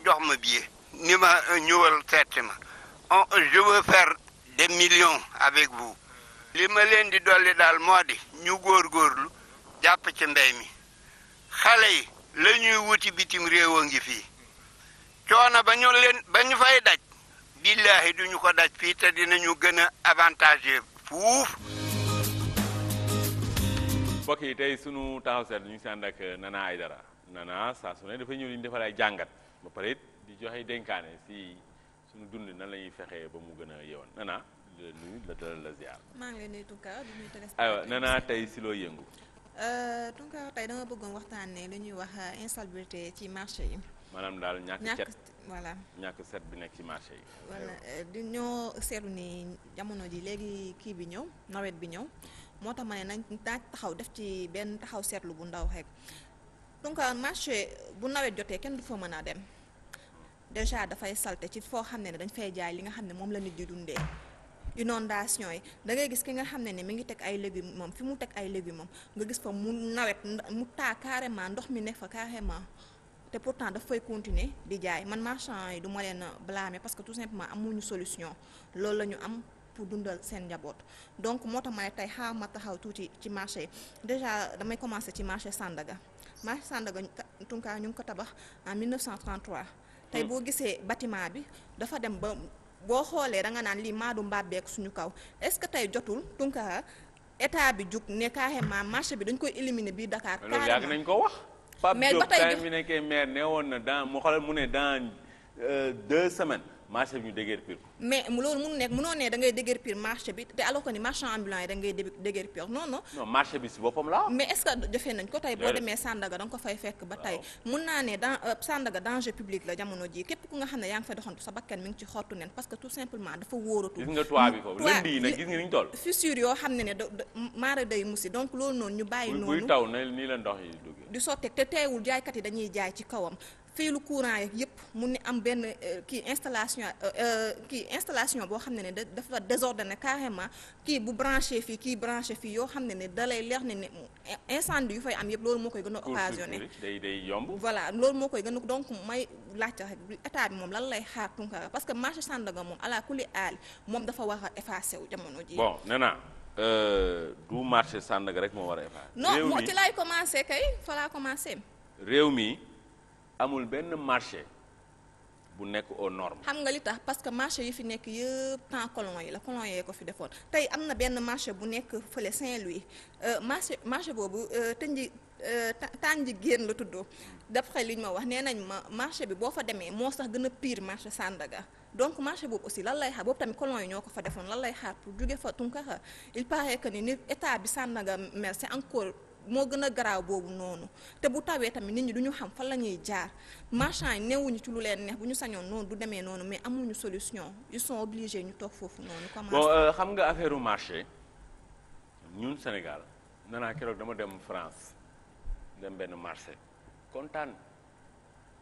Speaker 4: jox ma billet ni ma euh, ñëwal seeti ma on je veux faire des millions avec bu li ma leen di dolli daal moo di ñu góorgóorlu jàpp ci mbéy mi xale yi la wuti bitim réew a ngi fii coono ba ñu ba ñu fay daj billaahi duñu ko daj fii te dinañu gën a avantagé fuuf mbokk yi tey suñu taxaw
Speaker 1: seet ñu ngi si ànd ak euh, Nana dara Nana saa su ne dafay ñëw li ñu defal ay jàngat ba pare it di joxe dénkaane si suñu dund nan la ñuy fexee ba mu gën a yeewoon Nana la nuyu la la ziar.
Speaker 6: maa ngi lay nuyu Tounkara di nuyu
Speaker 1: téléspectateurs aywa Nana tey si loo yëngu.
Speaker 6: Euh, Tounkara tey dama bëggoon waxtaanee lu ñuy wax euh, insalubrité ci marché yi.
Speaker 1: maanaam daal ñàkk cet voilà ñàkk set bi nekk ci marché yi. voilà
Speaker 6: di ñoo seetlu ni jamono ji léegi kii bi ñëw nawet bi ñëw. moo tax ma ne nañ naaj taxaw def ci benn taxaw seetlu bu ndaw rek donc euh, marché bu nawet jotee kenn du fa mën a dem déjà dafay salte ci foo xam ne ne dañ fay jaay li nga xam ne moom la nit di dundee inondation yi da ngay gis ki nga xam ne ne mi ngi teg ay légumes moom fi mu teg ay légumes moom nga gis fa mu nawet mu taa carrément ndox mi ne fa carrément te pourtant daf fay continuer di jaay man marchand yi du ma leen blâmer parce que tout simplement amuñu solution loolu la ñu am pour dundal seen njaboot donc moo tax ma ne tey xaar ma taxaw tuuti ci marché yi déjà damay commencer ci marché Sandaga marché Sandaga Tounkara ñu ngi ko tabax en 1933. tey boo gisee bâtiment bi dafa dem ba boo xoolee da nga naan lii maadu mbàbbeek suñu kaw est-ce que tey jotul Tounkara état bi jug ne carrément marché bi dañ koy éliminer bii Dakar. carrément loolu nañ ko wax.
Speaker 1: mais ba tey Pape bi nekkee maire ne woon na dans moo xoolal mu ne dans euh, deux semaines. marché bi ñu déggee pire.
Speaker 6: mais loolu mun nekk munoo ne da ngay déggee pire marché bi te alors que ni marchand ambulant yi da ngay déggee
Speaker 1: marché bi si boppam la mais
Speaker 6: est ce defee nañ ko tey boo demee Sandaga da nga ko naa ne dans euh, Sandaga danger public la jamono ji képp ku nga xam ne yaa ngi fay doxantu sa bakkan mi ngi ci xottu nen parce que tout simplement dafa wóoratu. gis nga toit bi foofu lënd yi nag gis nga ni toll. fissure yoo xam ne ne da maara day musi donc loolu noonu ñu bàyyi noonu buy
Speaker 1: taw nii la ndox yi
Speaker 6: duggee yi dañuy jaay ci kawam feelu courant yeeg yëpp mun ni am benn euh, kii installation euh, euh, kii installation boo xam ne ne dafa désordonné carrément kii bu branché fii kii branché fii yoo xam ne ne da lay leer ne ne incendie yu fay am yëpp loolu moo koy gën a occasionné
Speaker 1: day day yomb
Speaker 6: voilà loolu moo koy gën a donc may laajte rek état moom lan lay xaar Tunkara parce que marché Sandaga moom ala kuli aali moom dafa war a effacé wu jamono ji bon
Speaker 1: ne naa du marché Sandaga rek moo war a effacé non ci
Speaker 6: laay commencé kay fa laa commencé
Speaker 1: réew mi amul benn marché bu nekk aux normes.
Speaker 6: xam nga li tax parce que marché yi fi nekk yëpp temps colon yi la colon yee ko fi defoon tey am na benn marché bu nekk fële Saint-Louis euh, marché marché boobu euh, tënji euh, tànji génn la tudd d'après li ñu ma wax nee nañ ma marché bi boo fa demee moo sax gën a piir marché Sandaga donc marché boobu aussi lan lay xaar boobu tamit colon yi ñoo ko fa defoon lan lay xaar pour jóge fa Tunkara il paraît que ni état bi Sandaga mel c'est encore. moo gën a garaaw boobu noonu te bu tawee tamit nit ñi duñu ñu xam fan la ñuy jaar marchand yi newuñu ci lu leen neex bu ñu sañoon noonu du demee noonu mais amuñu solution ils sont obligés ñu toog foofu noonu. commencé bon
Speaker 1: euh, xam nga affaire marché ñun Sénégal nanaa keroog dama dem France dem benn marché kontaan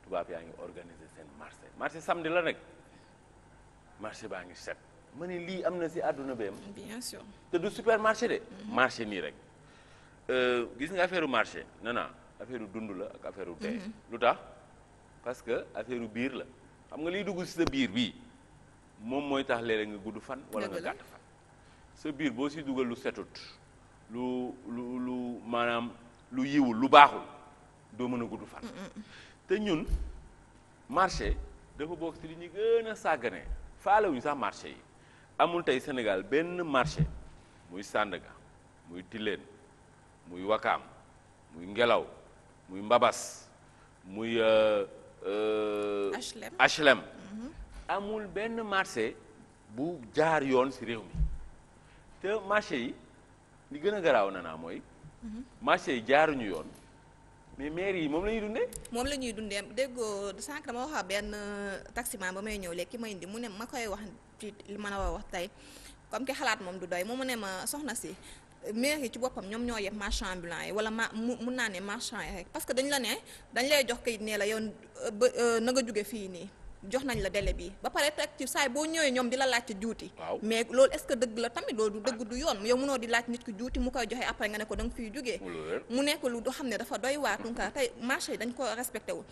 Speaker 1: tubaab yaa ngi organiser seen marché marché samedi la nag marché baa ngi set ma ne lii am na si àdduna beem bien te du supermarché de. Mm-hmm. marché nii rek. Euh, gis nga affaire marché nana affaire dund la ak affaire dee mhm. lu tax parce que affaire biir la xam nga liy dugg si sa biir bii moom mooy tax léeg nga gudd fan wala nga gàtt fan sa biir boo si dugal lu setut lu lu lu maanaam lu yiwul lu baaxul doo mën a gudd fan te ñun marché dafa bokk ci li ñu gën a sàggane faalewuñu sax marché yi amul tey Sénégal benn marché muy Sandaga muy Tilène muy wakaam muy ngelaw muy mbabas muy HLM euh, euh, mhm. amul benn marché bu jaar yoon ci réew mi te marché yi li gën a garaaw na naa mooy mhm. marché yi jaaruñu yoon mais maire yi moom la ñuy
Speaker 6: moom la ñuy dundee déggoo sànq dama wax a benn euh, taximan ba may ñëw léegi ma indi mu ne ma koy wax ci li man la wax tey comme que xalaat moom du doy mu ne ma soxna si maire yi ci boppam ñoom ñoo yeb marchand ambulant yi wala ma mu mun naa ne marchan yi rek parce que dañ la ne dañ lay jox kayit nee la yow ba euh, na nga jóge fii nii jox nañ la délai bi ba pare teg saay boo ñëwee ñoom di la laaj ci juuti mais loolu est-ce que dëgg la tamit loolu du dëgg du yoon yow mënoo di laaj nit ki juuti mu koy joxe après nga ne ko da nga fiy jógee mu nekk lu doo xam ne dafa doy waa Tounkara mm-hmm. tey marché yi dañ ko respecté wul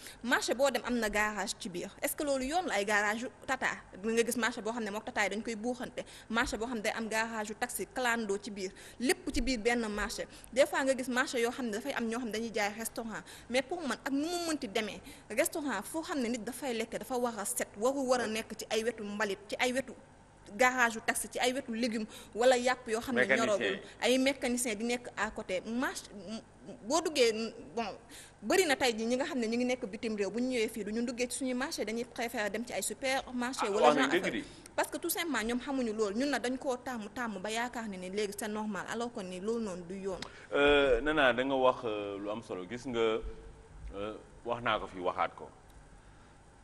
Speaker 6: boo dem am na garage ci biir est-ce que loolu yoon xam ne mook tata yi dañ koy buuxante marché boo xam ne day am garage yu taxi clando ci biir lépp ci biir benn marché des nga gis marché yoo xam ne dafay am ñoo xam ne dañuy jaay restaurant mais pour man ak nu lekk dafa war war a set warul war a nekk ci ay wetu mbalit ci ay wetu garage yu taxi ci ay wetu légume wala yàpp yoo xam ne ñorogul ay mécanicien di nekk à côté marché boo duggee bon bëri na tey jii ñi nga xam ne ñu ngi nekk bitim réew bu ñu ñëwee fii du ñu duggee ci suñu marché dañuy préférer dem ci ay supermarché ah, wala genre affaire parce que tout simplement ñoom xamuñu loolu ñun na dañ koo tàmm tàmm ba yaakaar ne ni léegi c'est normal alors ko ni loolu noonu du yoon
Speaker 1: euh, Nana da nga wax euh, lu solo gis nga euh, wax naa ko fi waxaat ko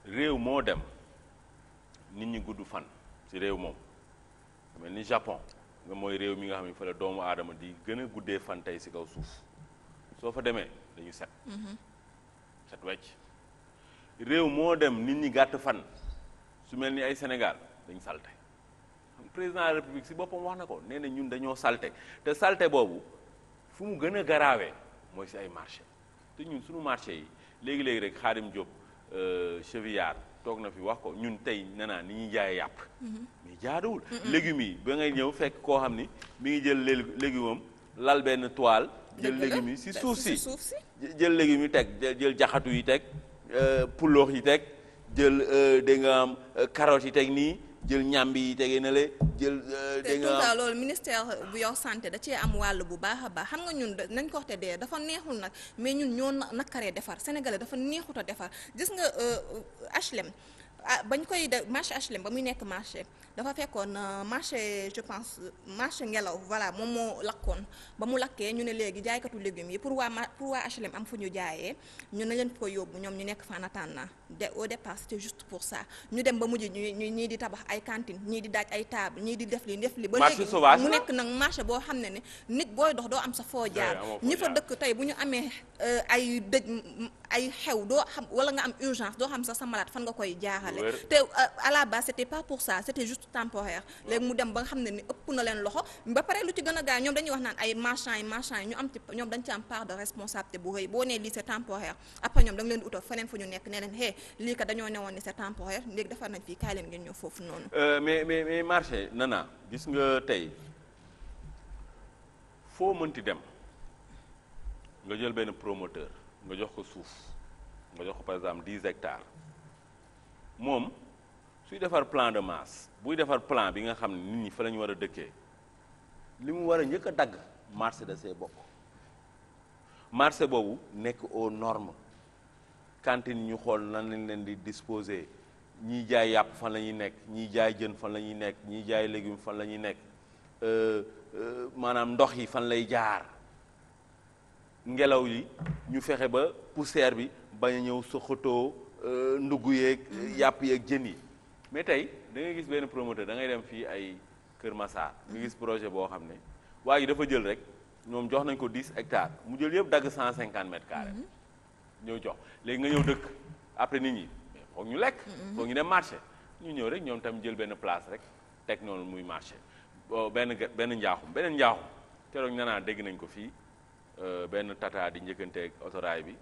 Speaker 1: réew moo dem nit ñi gudd fan ci réew moom mel ni Japon nga mooy réew mi nga xam ne fa la doomu aadama di gën a guddee fan tey ci kaw suuf soo fa demee dañu set mhm. set wecc réew moo dem nit ñi gàtt fan su mel ni ay Sénégal dañ salte président de la république ci boppam wax na ko nee na ñun dañoo salte te salte boobu fu mu gën a garaawee mooy si ay marché te ñun sunu marché yi léegi-léegi rek Xaadim Jóob Euh, chevillard toog na fi wax ko ñun tey nee naa ni ñuy jaaye yàpp mm-hmm. mais jaaduwul légumes yi ba ngay ñëw fekk koo xam ni mi ngi jël légume am lal benn toile jël légumes yi si suuf si jël légumes yi teg jël jaxatu yi teg euh, puloox yi teg jël euh, da nga am carottes yi teg nii jël ñàmbi yi tege na le jël. Euh, dégg nga te loolu
Speaker 6: ministère bu yor santé da cee am wàll bu baax a baax xam nga ñun nañ ko wax te dee dafa neexul nag mais ñun ñoo nakaree defar sénégalais dafa neexut a defar gis nga HLM euh, ah, bañ koy def marché HLM ba muy nekk marché. dafa fekkoon euh, marché je pense marché ngelaw voilà moom moo lakkoon ba mu lakkee ñu ne léegi jaaykatu légumes yi pour waa pour waa HLM am fu ñu jaayee ñu ne leen ko yóbbu ñoom ñu nekk fan attendant de au départ c'était juste pour ça ñu dem ba mujj ñu ñii di tabax ay cantine ñii di daaj ay table ñii di def li def li ba léegi mu nekk nag marché boo xam ne ne nit booy dox doo am sa foo jaar ñi fa dëkk tey bu ñu amee euh, ay dëj ay xew doo xam wala nga am urgence doo xam sa sa malade fan nga koy jaaxale te euh, à la base c'était pas pour ça c'était juste juste léegi mu dem ba nga xam ne ni ëpp na leen loxo ba pare lu ci gën a gaaw ñoom dañuy wax naan ay marchand yi marchand yi ñu am ci ñoom dañ ci am part de responsabilité bu rëy boo nee lii c'est temporaire après ñoom da nga leen di utal feneen fu ñu nekk ne leen hé lii kat dañoo newoon ni c'est temporaire léegi defar nañ fii kaay leen ngeen ñëw foofu noonu
Speaker 1: euh, mais mais marché nana gis nga tey foo mënti dem nga jël benn promoteur nga jox ko suuf nga jox ko par exemple 10 hectares moom suy defar de masse buy defar plan bi nga xam ne nit ñi fa la ñu war a dëkkee li mu war a njëkk a dagg marché da see bokk marché boobu nekk aux norme cantine ñu xool nan lañ leen di disposer ñiy jaay yàpp fan la ñuy nekk ñiy jaay jën fan la ñuy nekk ñiy jaay légume fan la ñuy nekk euh, euh, maanaam ndox yi fan lay jaar ngelaw yi ñu fexe ba poussière bi bañ a ñëw soxatoo euh, ndugg yeeg yàpp yeeg jën yi mais tey da ngay gis benn promoteur da ngay dem fii ay Kër Massar nga gis projet boo xam ne waaye ji dafa jël rek ñoom jox nañ ko dis hectares mu jël yëpp dagg 150 mètres carrés mhm. ñëw jox léegi nga ñëw dëkk après nit ñi foog ñu lekk mhm. foog ñu dem marché ñu ñëw rek ñoom tam jël benn place rek teg noonu muy marché benn benn njaaxum beneen njaaxum keroog nee naa dégg nañ ko fii euh, benn tata di njëkkanteeg autoraay bi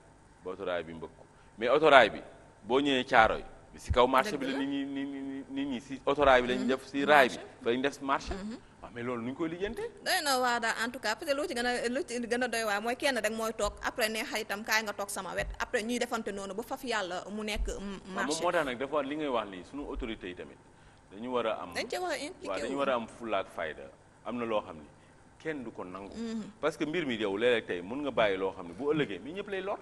Speaker 1: ba autoraay bi mbëkk mais autoraay bi boo ñëwee caaro yi si kaw marché bi la nit ñi nit ñi nit ñi si autorail bi lañ def si raay bi mhm. mhm. fa lañ def marché mhm. waaw mais loolu nu ñu koy
Speaker 6: lijjante doy na waa daal en tout cas peut-être lu ci gën a lu ci gën a doy waa mooy kenn rek mooy toog après ne xaritam kaay nga toog sama wet après ñuy defante noonu ba faf yàlla mu nekk marché moom moo
Speaker 1: tax nag dafa li ngay wax nii suñu autorité yi tamit dañu war a am dañ ci war a impliqué waaw dañu war a am fulla ak fayda am na loo xam ni kenn du ko nangu parce que mbir mi yow léeg-léeg tey mun nga bàyyi loo xam ne bu ëllëgee mi ñëpp lay lor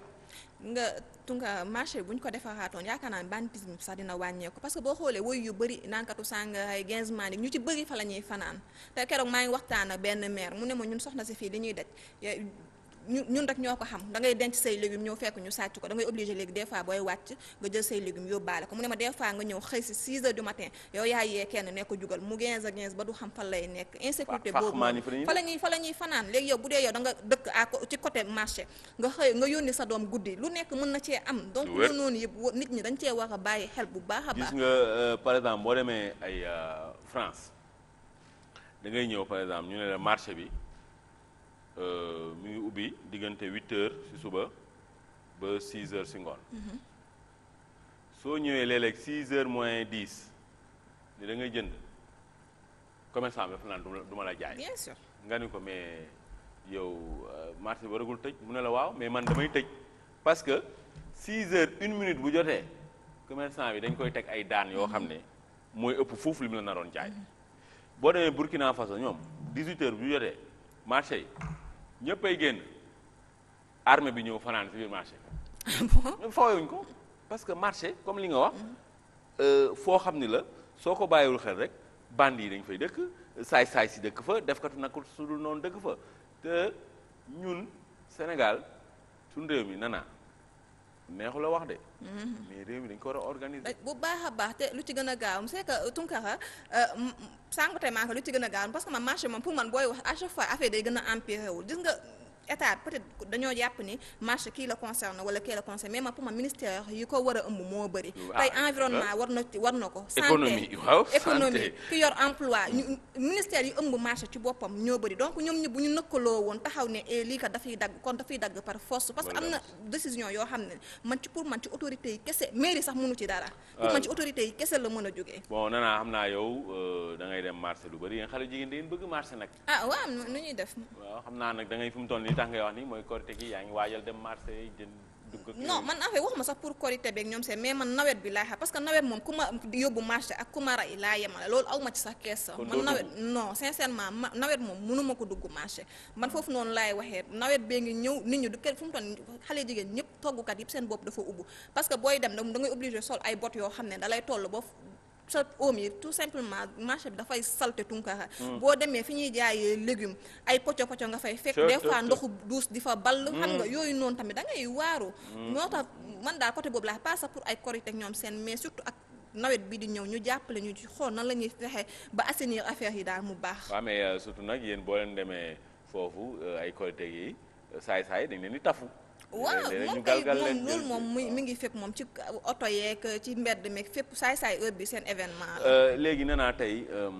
Speaker 6: nga tunga marché bu ñu ko defaraatoon yaakaar naa banditisme sax dina wàññeeku parce que boo xoolee woy yu bëri naankatu sàngara quinze man ñu ci bëri fa la ñuy fanaan te keroog maa ngi waxtaan ak benn maire mu ne ma ñun soxna si fii li ñuy daj ñu ñun rek ñoo ko xam da ngay denc say légumes ñëw fekk ñu sàcc ko da ngay obligé léegi des fois booy wàcc nga jël say légumes yóbbaale ko mu ne ma des nga ñëw xëy si 6 heures du matin yow yaa yee kenn nekk jugal mu 15 à 15 ba du xam fan lay nekk insécurité boobu fa la ñuy fa la ñuy fanaan léegi yow bu dee yow da nga dëkk à ci côté marché nga xëy nga yónni sa doom guddi lu nekk mën na cee am donc loolu noonu yëpp nit ñi dañ cee war a bàyyi xel bu baax
Speaker 1: euh, par exemple boo demee ay euh, da ngay ñëw par exemple ñu bi Euh, mu ngi ubbi diggante huit heures si suba ba six heures si ngoon mhm. soo ñëwee léeg-léeg six heures moins dix ni da ngay jënd commerçant bi dafa naan du ma la jaay bien nga ni ko mais yow euh, marché waragul tëj mu ne la waaw mais man damay tëj parce que six heures une minute bu jotee commerçant bi dañ koy teg ay daan yoo xam ne mhm. mooy ëpp foofu li mu la naroon jaay mhm. boo demee Burkina Faso ñoom 18 heures bu jotee marché yi ñëpp ay génn armée bi ñëw fanaan si biir marché ñoom ah foowuñ ko parce que marché comme li nga wax euh, foo xam ni la soo ko bàyyiwul xel rek bandi yi dañ fay dëkk saay-saay si dëkk fa def katu nakul sudul noonu dëkk fa te ñun Sénégal suñ réew mi nana neexu la wax de. Mm-hmm. mais réew mi ko war a
Speaker 6: bu baax a baax te lu ci gën a gaaw c'est que euh, Tunkara euh, sànq tey maa lu ci gën a gaaw parce que man marché moom pour man booy wax à chaque fois affaire day gën a empirer wu gis nga. état peut être dañoo jàpp ni marché kii la concerne wala kii la concerne mais ma pour ma ministère yi ko war a ëmb moo bëri tey environnement war na war na ko santé économie ki yor emploi ministère yi ëmb marché ci boppam ñoo bëri donc ñoom ñi bu ñu nëkkaloo woon taxaw ne eh, lii kat dafay dagg kon dafay dagg par force parce que am na décision yoo xam ne man ci pour man ci autorité yi kese mairie sax mënu ci dara ah pour man ci autorité yi kese la mën a jógee
Speaker 1: bon nanaa xam naa yow euh, da ngay dem marché lu bëri yéen xale jigéen da ngeen bëgg marché nag
Speaker 6: ah waaw nu ñuy def waaw
Speaker 1: xam naa nag da ngay fu mu toll nii tax ngay wax ni mooy korite gi yaa ngi waajal dem marché jënd dugg non man
Speaker 6: en waxuma sax pour korite beeg ñoom seen moom ku ma ma nawet moom mënuma ko dugg marché man foofu noonu laay waxee nawet bee ngi ñëw nit ñi du kenn fu xale jigéen ñëpp toggukat yëpp seen bopp dafa ubbu parce que booy dem da ngay obligé sol ay bot yoo xam ne dalay toll ba sa oom yi tout simplement marché bi dafay salte tunkara hmm. boo demee fi ñuy jaayee euh, légumes ay poco poco nga fay fekk des fois ndoxu douce di fa ball hmm. xam nga yooyu noonu tamit da ngay waaru hmm. moo tax man daal côté boobu laa pas sax pour ay korite ak ñoom seen mais surtout ak nawet bi di ñëw ñu jàppale ñu ci xool nan la ñuy fexe ba assainir affaire yi daal mu baax
Speaker 1: waaw mais euh, surtout nag yéen boo leen demee foofu euh, ay korite yi saay saay dañ leen di tafu
Speaker 6: waaw moom kay moom loolu moom mi ngi fépp moom ci oto yeeg euh, ci mbedd meek fépp saay-saay heure bi seen événement la. Euh,
Speaker 1: léegi nee naa tey euh,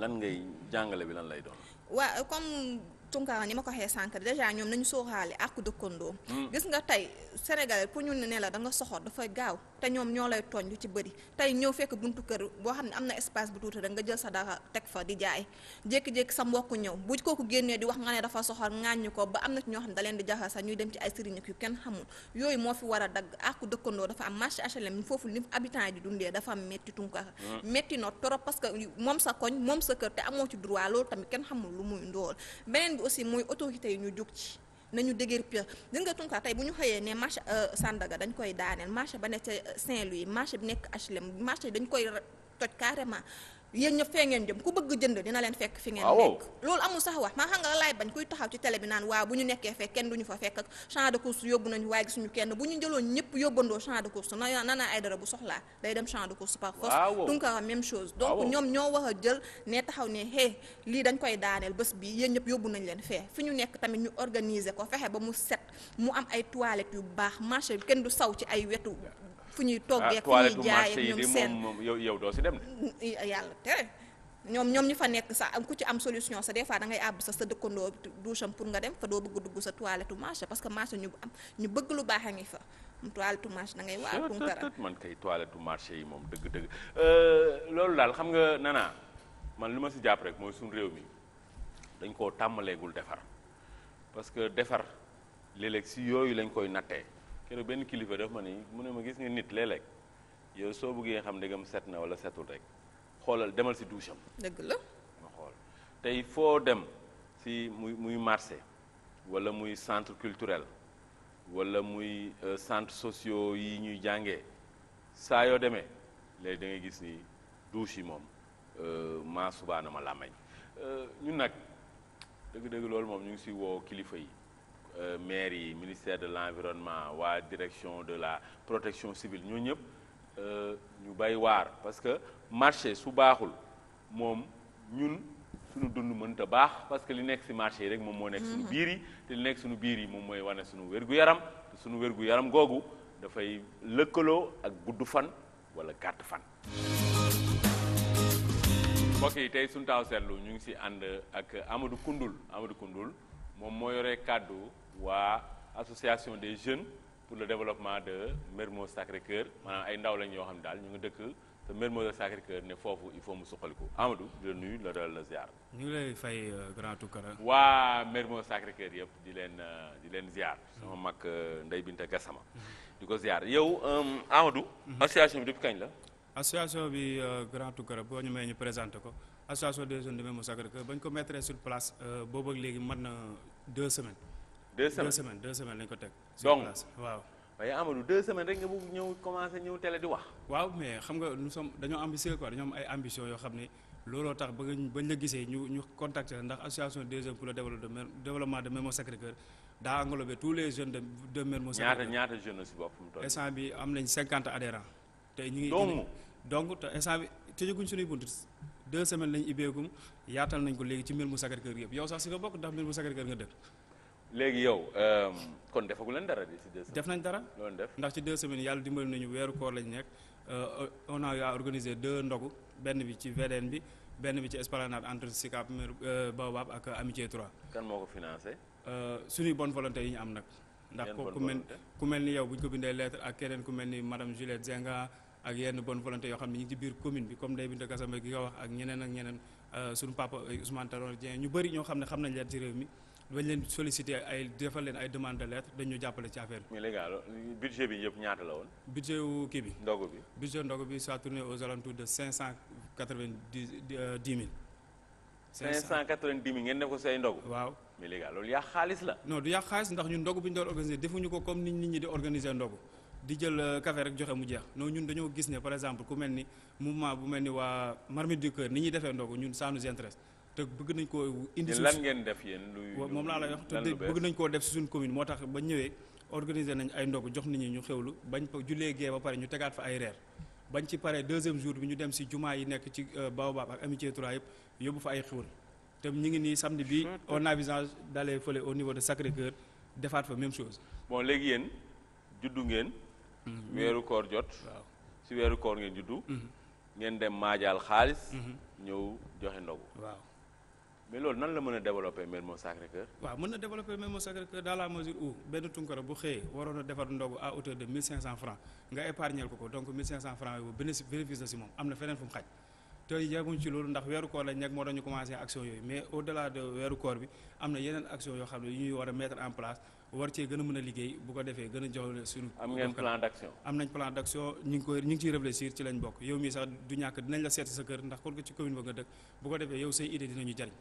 Speaker 1: lan ngay jàngale bi lan lay doon.
Speaker 6: waaw comme Tunkara ni ma ko waxee sànq déjà ñoom nañu sóoraale àqu dëkkandoo. Hmm. gis nga tey Sénégal pour ñu ne la da nga soxor dafay gaaw. te ñoom ñoo lay tooñ lu ci bëri tey ñëw fekk buntu kër boo xam ne am na espace bu tuuti rek nga jël sa dara teg fa di jaay jékki-jékki sa mbokk ñëw bu ko kooku génnee di wax nga ne dafa soxor ŋàññi ko ba am na ci ñoo xam ne daleen di jaxal sax ñuy dem ci ay sëriñ yu kenn xamul yooyu moo fi war a dagg àqu dëkkandoo dafa am marché HLM foofu li habitants yi di dundee dafa am métti tunkara hmm. métti no trop parce que moom sa koñ moom sa kër te amoo ci droit loolu tamit kenn xamul lu muy ndool beneen aussi mooy autorité yi ñu jug ci nañu dëgër pire gis nga Tounkara tey bu ñu xëyee ne marché euh, Sandaga dañ koy daaneel marché ba nekk ca Saint-Louis marché bi nekk HLM marché dañ koy toj carrément yéen ñëpp fee ngeen jëm ku bëgg jënd dina leen fekk fi ngeen nekk loolu amul sax wax maa xam nga la laay bañ kuy taxaw ci télé bi naan waaw bu ñu nekkee fekk kenn duñu fa fekk ak champ de course yóbbu nañu waaye gisuñu bu ñu jëloon ñëpp yóbbandoo champ de course na nana ay dara bu soxlaa day dem champ de course par force même chose donc ñoom ñoo war a jël ne taxaw ne hé lii dañ koy daaneel bés bii yéen ñëpp yóbbu nañ leen fee fi ñu nekk tamit ñu organiser ko fexe ba mu set mu am ay toilettes yu baax marché bi kenn du saw ci ay wetu fu ñuy toggee ah, fu ñuy jaayee ñoom seen moom
Speaker 1: yow yow doo si dem
Speaker 6: de. yàlla tere ñoom ñoom ñu fa nekk sax ku ci am solution sa des fois da ngay àbb sa sa dëkkandoo doucham pour nga dem fa doo bëgg dugg sa toilette marché parce que marché ñu bëgg lu baax a ngi fa mu toilette marché da ngay waa Tounkara
Speaker 1: man kay toilette marché yi moom dëgg-dëgg euh, loolu daal xam nga nana man li ma si jàpp rek mooy suñu réew mi dañ koo tàmmaleegul defar parce que defar léeg si yooyu lañ koy nattee keroog benn kilifa daf ma ni mu ne ma gis nga nit léeg-léeg yow soo bëggee xam ndegam set na wala setul rek xoolal demal si douche am. dëgg la ma xool tey foo dem si muy muy marché wala muy centre culturel walla muy euh, centre sociaux yi ñuy jànge saa yoo demee léegi da ngay gis ni douche yi moom euh, maa subaana ma làmmañ euh, ñun nag dëgg-dëgg loolu moom ñu ngi si woo kilifa yi. Euh, maire yi ministère de l'environnement waa direction de la protection civile ñoo ñëpp euh, ñu bay waar parce que marché su baaxul moom ñun suñu dund mënta baax parce que li nekk ci marché yi rek moom moo nekk suñu mm-hmm. biir yi te li nekk suñu biir yi moom mooy wane suñu wér-gu-yaram te suñu wér-gu-yaram googu dafay lëkkaloo ak gudd fan wala gàtt fan mbokk yi tey suñu taaw seetlu ñu ngi si ànd ak Amadou Koundoul Amadou Koundoul moom moo yore kàddu waa association des jeunes pour le développement de Mermoz Sacré-Cœur maanaam ay ndaw lañ yoo xam ne daal ñu ngi dëkk te Mermoz Sacré-Cœur ne foofu il faut mu suqaliku Amadou di la nuyu la dalal la ziar.
Speaker 5: ñu ngi lay fay euh, grand Tounkara.
Speaker 1: waa Mermoz Sacré-Cœur yëpp di leen euh, di leen ziar. sama mm-hmm. mag euh, Ndeye Binta Gassama. Mm-hmm. di ko ziar yow Amadou. Mm-hmm. association bi depuis kañ la.
Speaker 5: association bi grand Tounkara boo ñu may ñu présenté ko. association des jeunes de Mermoz Sacré-Cœur bañ ko mettre sur place euh, boobu ak léegi mat na deux semaines. deux semaines deux semaines deux semaines lañ ko teg.
Speaker 1: sur place waaw. waaye Amadou deux semaines rek nga bëgg ñëw commencé ñëw télé di wax. waaw mais xam
Speaker 5: nga nous sommes dañoo ambitieux quoi dañoo am ay ambition yoo xam ne looloo tax ba nga bañ la gisee ñu ñu contacté la ndax association des jeunes pour le développement de Mermoz Sacré-Cœur daa englobé tous les jeunes de de Mermoz Sacré-Cœur.
Speaker 1: ñaata ñaata jeunes si boppam toll.
Speaker 5: instant bi am nañ cinquante adhérents. te
Speaker 1: ñu ngi donc
Speaker 5: donc te instant bi tëjaguñ suñuy bunt. deux semaines lañ ibbeegum yaatal nañ ko léegi ci mbir mu sagar kër yëpp yow sax si nga bokk ndax mbir mu sagar kër nga dëkk
Speaker 1: léegi yow euh, kon defagu leen dara di def nañ dara
Speaker 5: def ndax ci deux semaines yàlla dimbali nañu weeru koor lañ nekk euh, on a organisé deux ndogu benn bi ci VDN bi benn bi ci esplanade entre Sicap Mer euh, Baobab ak Amitié 3.
Speaker 1: kan moo ko financé.
Speaker 5: suñuy bonne volonté yi ñu am nag. ndax ku mel ku mel ni yow bu ñu ko bindee lettre ak keneen ku mel ni madame Juliette ak yenn bonne volonté yoo xam ne ñu ngi ci biir commune bi comme day Binta Gassama gi nga wax ak ñeneen ak ñeneen euh, suñu papa euh, Ousmane Tanor Dieng ñu bëri ñoo xam ne xam nañ leen ci réew mi bañ leen sollicité ay defal leen ay demande de lettre dañ ñu jàppale
Speaker 1: ci affaire bi. mais léegi budget bi yëpp ñaata la woon.
Speaker 5: budget wu
Speaker 1: kii bi. ndogu bi
Speaker 5: budget ndogu bi ça tourne aux alentours de cinq cent quatre vingt euh, dix mille. cinq
Speaker 1: ngeen def ko say ndogu. waaw mais léegi loolu yaa xaalis la.
Speaker 5: non du yaa xaalis ndax ñun ndogu bu ñu ko comme nit ñi di organiser ndogu. di jël euh, café rek joxe mu jeex noo ñun dañoo gis ne par exemple ku mel ni mouvement bu mel ni waa Marmite du Cœur ni ñuy defee ndogu ñun ça nous intéresse te bëgg nañ ko indi lan ngeen def yéen moom laa lay wax te bëgg nañ koo def si ba ñëwee organiser nañ ay ndog jox nit ñi ñu xewlu bañ jullee gee ba pare ñu tegaat fa ay reer bañ ci pare deuxième jour bi ñu dem si jumaa yi nekk ci euh, Baobab ak Amitié 3 yëpp yóbbu fa ay xewal te ñu ngi nii samedi bi on a visage d'aller fële au niveau de Sacré-Cœur defaat fa même chose
Speaker 1: bon léegi yéen juddu ngeen Mm-hmm. weeru koor jot si weeru koor ngeen juddu mm-hmm. ngeen dem maajaal xaalis mm-hmm. ñëw joxe ndogu waaw mais loolu nan la mën a développer Mermoz Sacré-Cœur
Speaker 5: waaw mën na développer Mermoz Sacré-Cœur dans la mesure où benn tunkara bu xëyee waroon a defar ndogu à hauteur de 1500 francs nga épargnel ko ko donc 1500 francs yooyu bénéfice la si moom am na feneen fu xaj te yeguñ ci loolu ndax weeru koor lañ nekk moo dañu commencé action yoo a mettre en place war cee gën a mën a liggéey bu ko defee gën a joxle suñu am ngeen plan d'action am nañ plan d'action ñu ngi koy ñu ngi ciy réfléchir ci lañ bokk yow mii sax du ñàkk dinañ la seet sa kër ndax kon ko ci commune ba nga dëkk bu ko defee yow say idée dinañu jariñ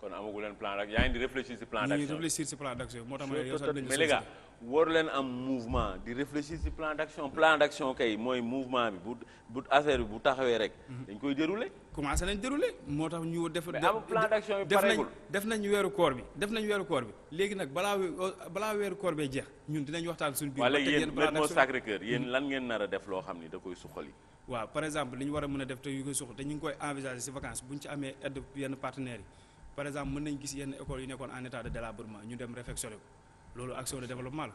Speaker 1: kon amagu leen plan rek yaa ngi di réfléchir ci plan d'action réfléchir
Speaker 5: ci plan d'action moo tax ma yow sax
Speaker 1: affaire bu taxawee rek. Mhm. dañ koy dérouler.
Speaker 5: commencé nañ dérouler moo tax ñu def. mais am plan
Speaker 1: d'action bi pareegul
Speaker 5: def nañ def nañ weeru koor bi léegi nag balaa balaa weeru koor bee jeex ñun dinañ waxtaan suñu biir. waxtaan yéen mhm.
Speaker 1: lan ngeen a def loo xam ni da koy suqali.
Speaker 5: waaw par exemple li ñu war a mën a def te yu koy suqali te ñu ngi koy envisager ci vacances bu ñu ci amee aide yenn partenaires yi par exemple mën nañ gis yenn écoles yu nekkoon en état de délabrement ñu dem réfectionné ko loolu action de développement la.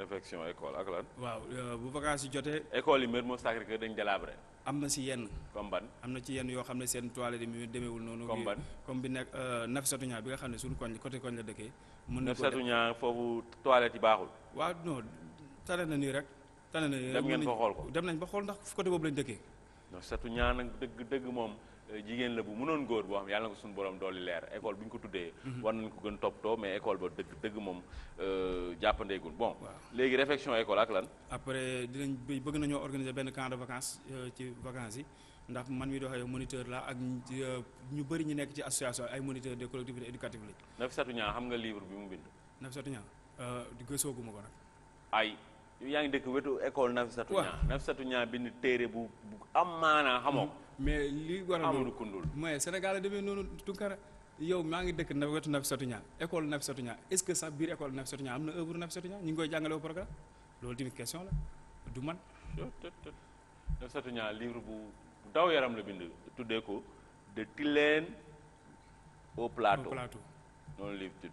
Speaker 1: réflexion école ak lan. waaw euh, bu vacances yi jotee. école yi mère moo sacré que dañ délabré.
Speaker 5: am na si yenn. comme ban am na ci yenn yoo xam ne seen toilette yi demeewul noonu. comme ban comme bi nekk euh, Nafissatou Niang bi nga xam ne suñu koñ côté koñ la dëkkee. mën na ko Nafissatou
Speaker 1: Niang foofu toilette yi baaxul.
Speaker 5: waaw non tane na nii rek. tane na nii dem ngeen ko xool ko dem nañ ba xool ndax côté boobu lañ dëkkee.
Speaker 1: Nafissatou Niang nag dëgg dëgg moom. jigéen la bu mënoon góor boo xam yàlla na ko suñu borom dooli leer école bu ñu ko tuddee. Mhm. war nañ ko gën toppatoo mais école ba dëgg moom euh, jàppandeegul bon. léegi réflexion école ak lan.
Speaker 5: après dinañ bëgg nañoo organiser benn camp de vacances euh, ci vacances yi ndax man mi doxee moniteur la ak euh, ñu bëri ñu nekk ci association ay moniteurs des collectivités éducatives lañ.
Speaker 1: Nafissatou Niang xam nga livre bi mu bind.
Speaker 5: Nafissatou Niang gësooguma ko nag.
Speaker 1: ay. yaa ngi dëkk wetu école Nafissatou Niang. Nafissatou Niang bind téere bu bu
Speaker 5: mais li war a loolu kundul mais Sénégal a demee noonu Tunkara yow maa ngi dëkk na wetu Nafi Satou Niang école Nafi Satou Niang est-ce que sax biir école Nafi Satou Niang am na œuvre Nafi Satou Niang ngi koy jàngale au programme loolu tamit question la du man
Speaker 1: Nafi Satou Niang bu daw yaram la bind tuddee ko de Tilène au plateau noonu livre tudd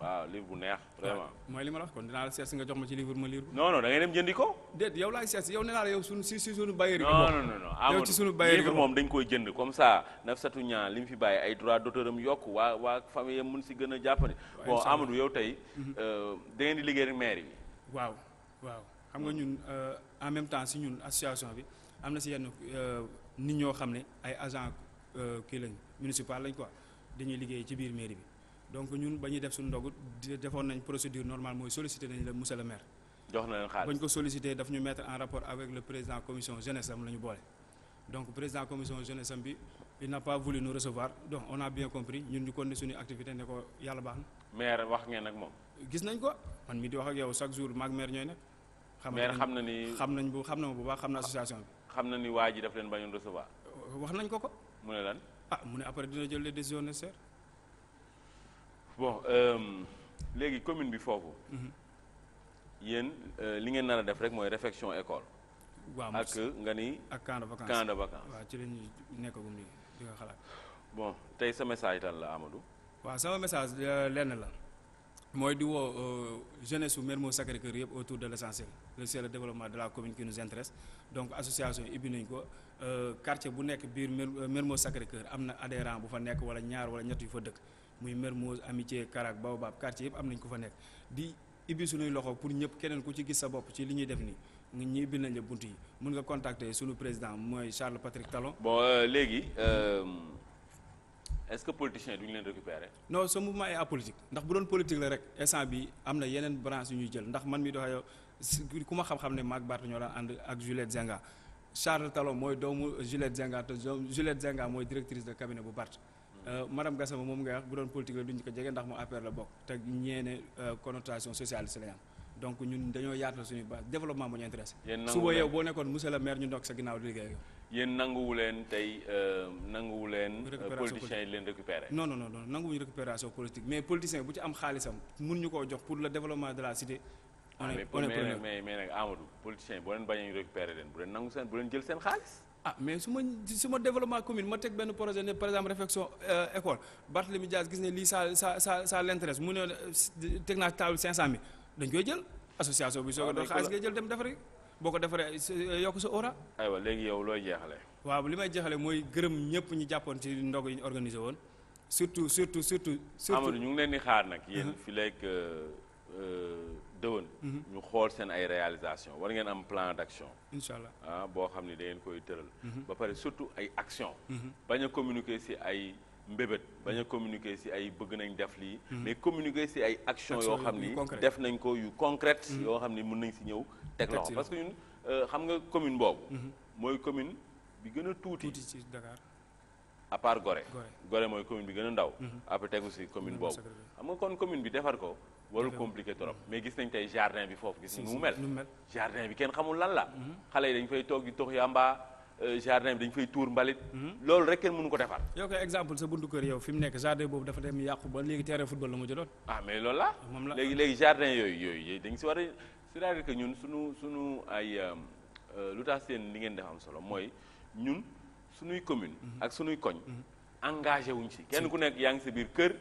Speaker 1: waaw livre bu neex vraiment.
Speaker 5: mooy li ma la wax kon dinaa la si nga jox ma ci livre ma lire ko.
Speaker 1: non non da ngay dem ko. déet yow laay seet si yow nee naa la yow suñu si
Speaker 5: suñu bailleur. non non non Amadou moom
Speaker 1: dañ koy jënd comme ça Nafissatou Niang li mu fi bàyyi ay droit d'auteur am yokk waa waa famille am mën si gën a jàppale. bon Amadou yow tey. Mhm. Euh, da di liggéey ak maire yi.
Speaker 5: waaw waaw xam nga ñun euh, en même temps si ñun association bi am na si yenn euh, nit ñoo xam ne ay agent kii lañ municipal lañ ko dañuy liggéey ci biir mairie bi donc ñun ba ñuy def suñu ndogu defoon nañ procédure normale mooy sollicité nañ la monsieur maire. jox na leen xaalis ba ñu ko sollicité daf ñu mettre en rapport avec le président commission jeunesse am la ñu boole. donc président commission jeunesse am bi il n'a pas voulu recevoir donc on a bien compris ñun ñu continuer suñu activité ne ko yàlla baax na.
Speaker 1: maire wax ngeen ak moom.
Speaker 5: gis nañ ko man mi di wax ak yow chaque jour maag maire ñooy nekk. xam nañ maire xam na ni xam nañ bu xam na bu baax xam na association
Speaker 1: bi. na ni waa ji daf leen bañoon recevoir. wax nañ bon euh, léegi commune bi foofu. Mhm. yéen euh, li ngeen nar a def rek mooy réfection école. waaw ak nga ni. ak camp de vacances camp de vacances.
Speaker 5: waaw ci la ñuy nekkagum nii di xalaat.
Speaker 1: bon tey sa message tan la Amadou.
Speaker 5: waa sama message euh, lenn la mooy di woo jeunesse su Mermoz Sacré-Cœur yëpp autour de l' essentiel c'est le développement de la commune qui nous intéresse donc association ibbi nañ ko quartier bu nekk biir Mermoz Sacré-Cœur am na adhérent bu fa nekk wala ñaar wala ñett fa dëkk. muy Mermoz Amitié Karak Baobab quartier yëpp am nañ ko fa nekk di ibbi suñuy loxo pour ñëpp keneen ku ci gis sa bopp ci li ñuy def nii nit ñi ibbi nañ la bunt yi mën nga contacter suñu président mooy Charles Patrick Talon.
Speaker 1: bon euh, léegi euh, est-ce que politiciens ñu leen récupérer.
Speaker 5: non ce mouvement est apolitique ndax bu doon politique la rek instant bi am na yeneen branche yu ñu jël ndax man mi dox yow ku ma xam-xam ne maak Barth ñoo daan ànd ak Juliette Zenga Charles Talon mooy doomu Juliette Zenga te Juliette Zenga mooy directrice de cabinet bu Barth. Euh, madame Gassama moom ngay wax bu doon politique la duñ ko jege ndax mu APR la bokk te ñeene euh, connotation socialiste la ñu donc ñun dañoo yaatal suñu base développement moo ñu intéressé. suba yow boo nekkoon monsieur le maire ñu ndokk sa ginnaaw di liggéey
Speaker 1: yéen nanguwu leen tey euh, nanguwu leen. politiciens yi leen récupérer. non
Speaker 5: non non nanguwuñu récupération politique mais politicien bu ci am xaalisam mun ñu koo jox pour le développement de
Speaker 1: la cité. Ah, mais mais mais ah mais su ma su ma développement commune ma teg benn projet ne par exemple réflexion euh,
Speaker 5: école Barthélemy Diaz gis ne lii saa ça ça saa l'intéresse mu ne teg naa table cinq cent mille dañ koy jël association bi soo ko doon xaalis ngay jël dem defari boo ko defaree euh, yokk sa ora
Speaker 1: aywa léegi yow looy jeexale
Speaker 5: waaw li may jeexale mooy gërëm ñëpp ñu jàppoon ci ndog yi ñu organisé woon surtout surtout surtout. surtout Amadou ñu
Speaker 1: ngi leen di xaar nag. Uh-huh. yéen fi lekk. Euh, xool seen ay réalisation war ngeen am plan d'action incha allah ah boo xam ni da ngeen koy tëral mhm. ba pare surtout ay action mhm. bañ a communiquer ci ay mbébét bañ a mhm. communiquer ci ay bëgg nañ def lii mais communiquer ci ay action yoo xam ni def nañ ko yu concrète yoo xam ni mën nañ ci ñëw teg loxo parce que ñun euh, xam nga commune boobu mooy commune bi gën a tuuti ci Dakar à mooy commune bi gën a ndaw après tegu ci commune boobu xam nga kon commune bi defar ko warul compliqué trop mais gis nañ tey jardin bi foofu gis ni mu mel jardin bi kenn xamul lan la mm-hmm. xale yi dañ fay toog di tox yamba euh, jardin bi dañ fay tuur mbalit mm-hmm. loolu rek kenn mënu ko defar
Speaker 5: yow kay exemple sa buntu kër yow fi mu nekk jardin boobu dafa dem yàqu ba léegi terrain football la mu jëloon
Speaker 1: ah mais loolu la moom la léegi léegi jardin yooyu yooyu dañ si war a c'est-à-dire ñun suñu suñu ay euh, euh, lu tax seen li ngeen def am solo mooy ñun sunuy commune mm-hmm. ak suñuy koñ engagé wuñ si kenn ku nekk yaa ngi sa biir kër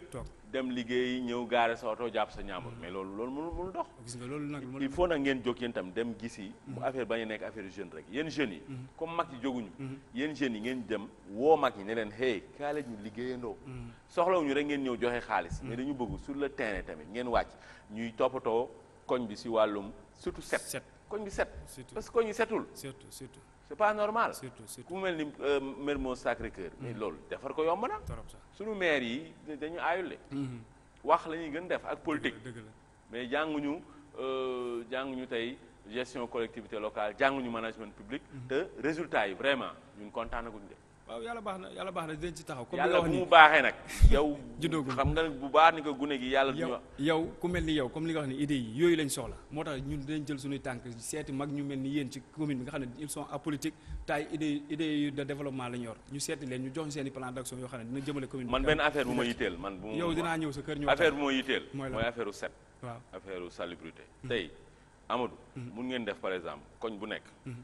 Speaker 1: dem liggéey ñëw gaare sa oto jàpp sa ñaamur mm. mais loolu loolu mënu mënu dox gis nga loolu nag il faut nag ngeen jóg yéen tam dem gisi bu mm-hmm. affaire bañ a nekk affaire mm-hmm. mm-hmm. yi ngeen dem woo mag ñi ne leen hey kaale ñu liggéeyandoo soxlawuñu rek ngeen ñëw joxe xaalis mais dañu bëgg sur le terrain tamit ngeen wàcc ñuy toppatoo koñ bi si wàllum surtout set koñ bi setul c'est pas normal surtout surtout ku mel ni euh, Mermoz Sacré-Cœur. mais mm-hmm. loolu defar ko yomb na. suñu maire yi dañu aayule. Mm-hmm. wax la ñuy gën def ak politique. mais jànguñu euh, jànguñu tey gestion collectivité locale jànguñu management public. Mm-hmm. te résultat yi vraiment ñun kontaan na guñ de waaw yàlla baax na yàlla baax na dinañ ci taxaw. comme yàlla bu mu baaxee nag. yow juddoo xam nga bu baax ni ko gune gi yàlla. yow
Speaker 5: yow ku mel ni yow comme li nga wax ni idées yi yooyu lañ soxla moo tax ñun dinañ jël suñuy tànk seeti mag ñu mel ni yéen ci commune bi nga xam ne ils sont apolitiques taay idées idées de développement la ñu yor ñu seeti leen ñu jox seen i plan d'action yoo xam ne dina jëmale commune bi. man benn affaire bu ma yitteel man bu ma yow dinaa ñëw sa kër ñëw affaire bu ma yitteel. mooy la mooy
Speaker 1: affaire set. waaw affaire salubrité. Hmm. tey Amadou. Hmm. mun ngeen def par exemple koñ bu nekk. Hmm.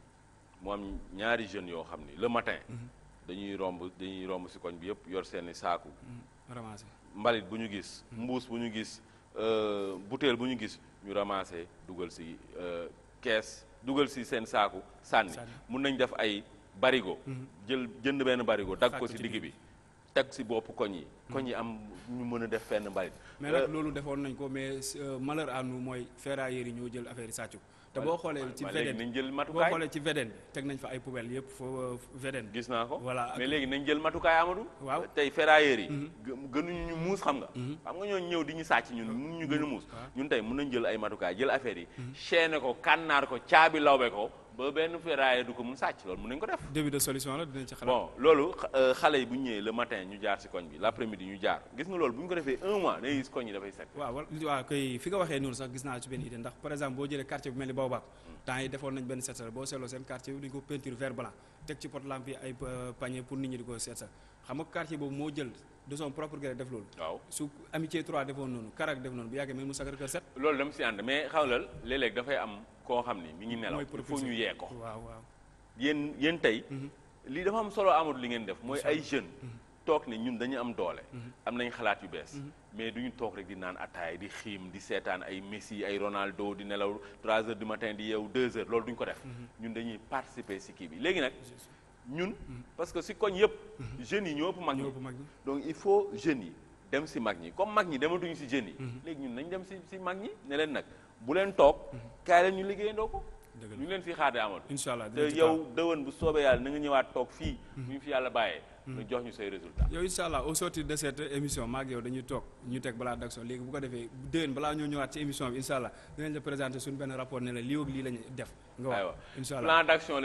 Speaker 1: mu am ñaari jeunes yoo xam ni le matin dañuy romb dañuy romb si koñ bi yëpp yor seeni saaku mm, ramasser mbalit bu ñu gis mm. mbuus bu ñu gis euh, butéel bu ñu gis ñu ramasser dugal si euh, kees dugal si seen saaku sànni mun nañ def ay barigo mm. jël jënd benn barigo dagg ko si digg bi teg si bopp koñ yi koñ yi am ñu mën a def fenn mbalit mais nag euh,
Speaker 5: loolu defoon nañ ko mais malheur à nous mooy ferrailleurs yi ñoo jël affaire yi te boo xoolee ci VDN nañ jël matukaay boo xoolee ci VDN teg nañ fa ay
Speaker 1: poubelles yëpp foo VDN gis naa ko voilà mais léegi nañ jël matukaay Amadou waaw tey ferrailleurs yi mhm. gënuñu ñu muus xam nga mhm. xam nga ñoo ñëw di ñu sàcc ñun mënuñu gën a muus ñun tey mun nañ jël ay matukaay jël affaire yi mhm. chaîné ko kànnaar ko caabi lawbe ko ba benn ferrailleur du ko mun sàcc loolu mun nañu ko def.
Speaker 5: début de solution la dinañ ci xalaat. bon
Speaker 1: loolu euh, xale yi bu ñu ñëwee le matin ñu jaar si koñ bi l' après midi ñu jaar gis nga loolu bu ñu ko defee un mois day gis koñ yi dafay set.
Speaker 5: waaw waaw kay fi nga waxee noonu sax gis naa ci benn idée ndax par exemple boo jëlee quartier bu mel ni Baobab hmm. temps yi defoon nañ benn set boo seetloo seen quartier bi dañu ko peinture vert teg ci pot lampe yi ay euh, panier pour nit ñi di ko seet sax xam nga quartier boobu moo jël de son propre def loolu. waaw su amitié 3 defoon noonu karak def noonu bu yàggee même mu sagar kër set.
Speaker 1: loolu dama si ànd mais xawlal léeg-léeg dafay am koo xam ni mi ngi nelaw. il faut ñu yee ko. waaw waaw yéen yéen tey. Mhm. lii dafa am solo amul li ngeen def mooy ay jeunes. Mhm. toog ne ñun dañu am doole. Mhm. am nañ xalaat yu bees. mais du ñu toog rek di naan ataay di xiim di seetaan ay Messi ay Ronaldo di nelaw 3 heures du matin di yeewu 2 heures loolu duñ ko def. Mhm. ñun dañuy participer ci kii bi léegi nag. ñun mhm. parce que si koñ yëpp. Mhm. jeunes yi ñoo ëpp mag ñi donc faut jeunes yi dem ci mag ñi comme mag ñi dematuñu si jeunes yi. léegi ñun nañ dem si ci mag ñi ne leen nag bu leen toog. kaay leen ñu liggéeyandoo ko. ñu leen fi xaar de incha allah te yow dëwën bu soobee yàlla na nga ñëwaat toog fii. bu ñu fi yàlla bàyyee. nga mm-hmm. jox ñu say résultat
Speaker 5: yow incha allah au sortir de cette émission maag yow dañuy toog ñu teg balaa d'action léegi bu ko defee déwén balaa ñoo ñëwaat ci émission bi incha allah dinañ la présenter ne la lii ak lii lañu def nga wax incha allah plan
Speaker 1: d'action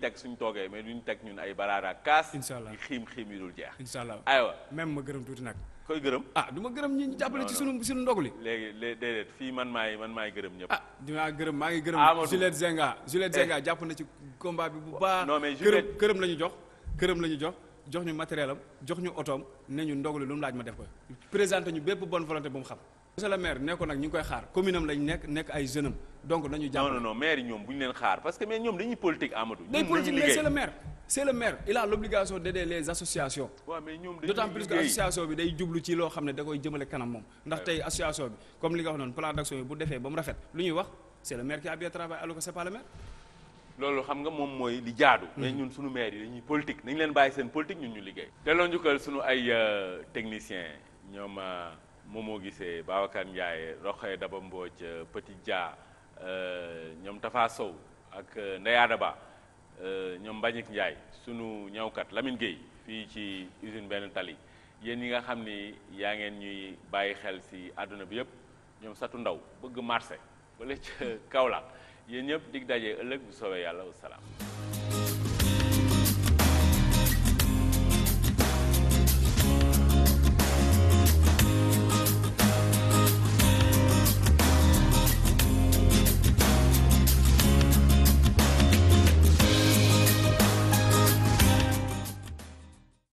Speaker 1: teg suñ toogee mais ñu teg ñun ay baraada kaas incha allah xiim xiim yi dul jeex incha allah aywa
Speaker 5: même ma gërëm tuuti nag
Speaker 1: koy gërëm ah du ma gërëm ñi jàppale ci sunu sunu ndog li léegi déedéet fii man maay man maay gërëm ñëpp ah
Speaker 5: dinaa gërëm maa ngi gërëm Juliette Zenga eh. Juliette Zenga jàpp na ci
Speaker 1: combat bu baax non mais Juliette
Speaker 5: la ñu jox gërëm la ñu jox jox ñu matériel am jox ñu otoom ne ñu ndogalu lu mu laaj ma def ko présenté ñu bépp bonne volonté bu mu xam. monsieur le maire nekkoon nag ñu ngi koy xaar commune am
Speaker 1: nekk ay jeune donc nañu jàpp non maire ñoom bu ñu leen xaar parce que mais ñoom dañuy politique Amadou. day politique mais c'est maire
Speaker 5: c'est maire il a l'obligation d'aider les associations.
Speaker 1: waaw mais ñoom association
Speaker 5: bi day jublu ci loo xam ne da koy jëmale kanam moom. ndax tey association bi comme li nga a
Speaker 1: loolu xam nga moom mooy li jaadu. mais ñun suñu meer yi dañuy politique nañ leen bàyyi seen politique ñun ñu liggéey. te delloo njukkal suñu ay euh, technicien ñoom euh, moo Gisee Babacar Ndiaye Roxee Daba Mbodj euh, Petit Dia ñoom Tafa Sow ak ndeyaada Ba ñoom Mbagnick njaay sunu ñawkat Lamine Gueye fii ci usine benn tali yéen yi nga xam ni yaa ngeen ñuy bàyyi xel si àdduna bi yëpp ñoom satu ndaw bëgg marché wala ca Kaolack. yéen ñëpp dig daje ëllëg bu soobee yàlla wasalaam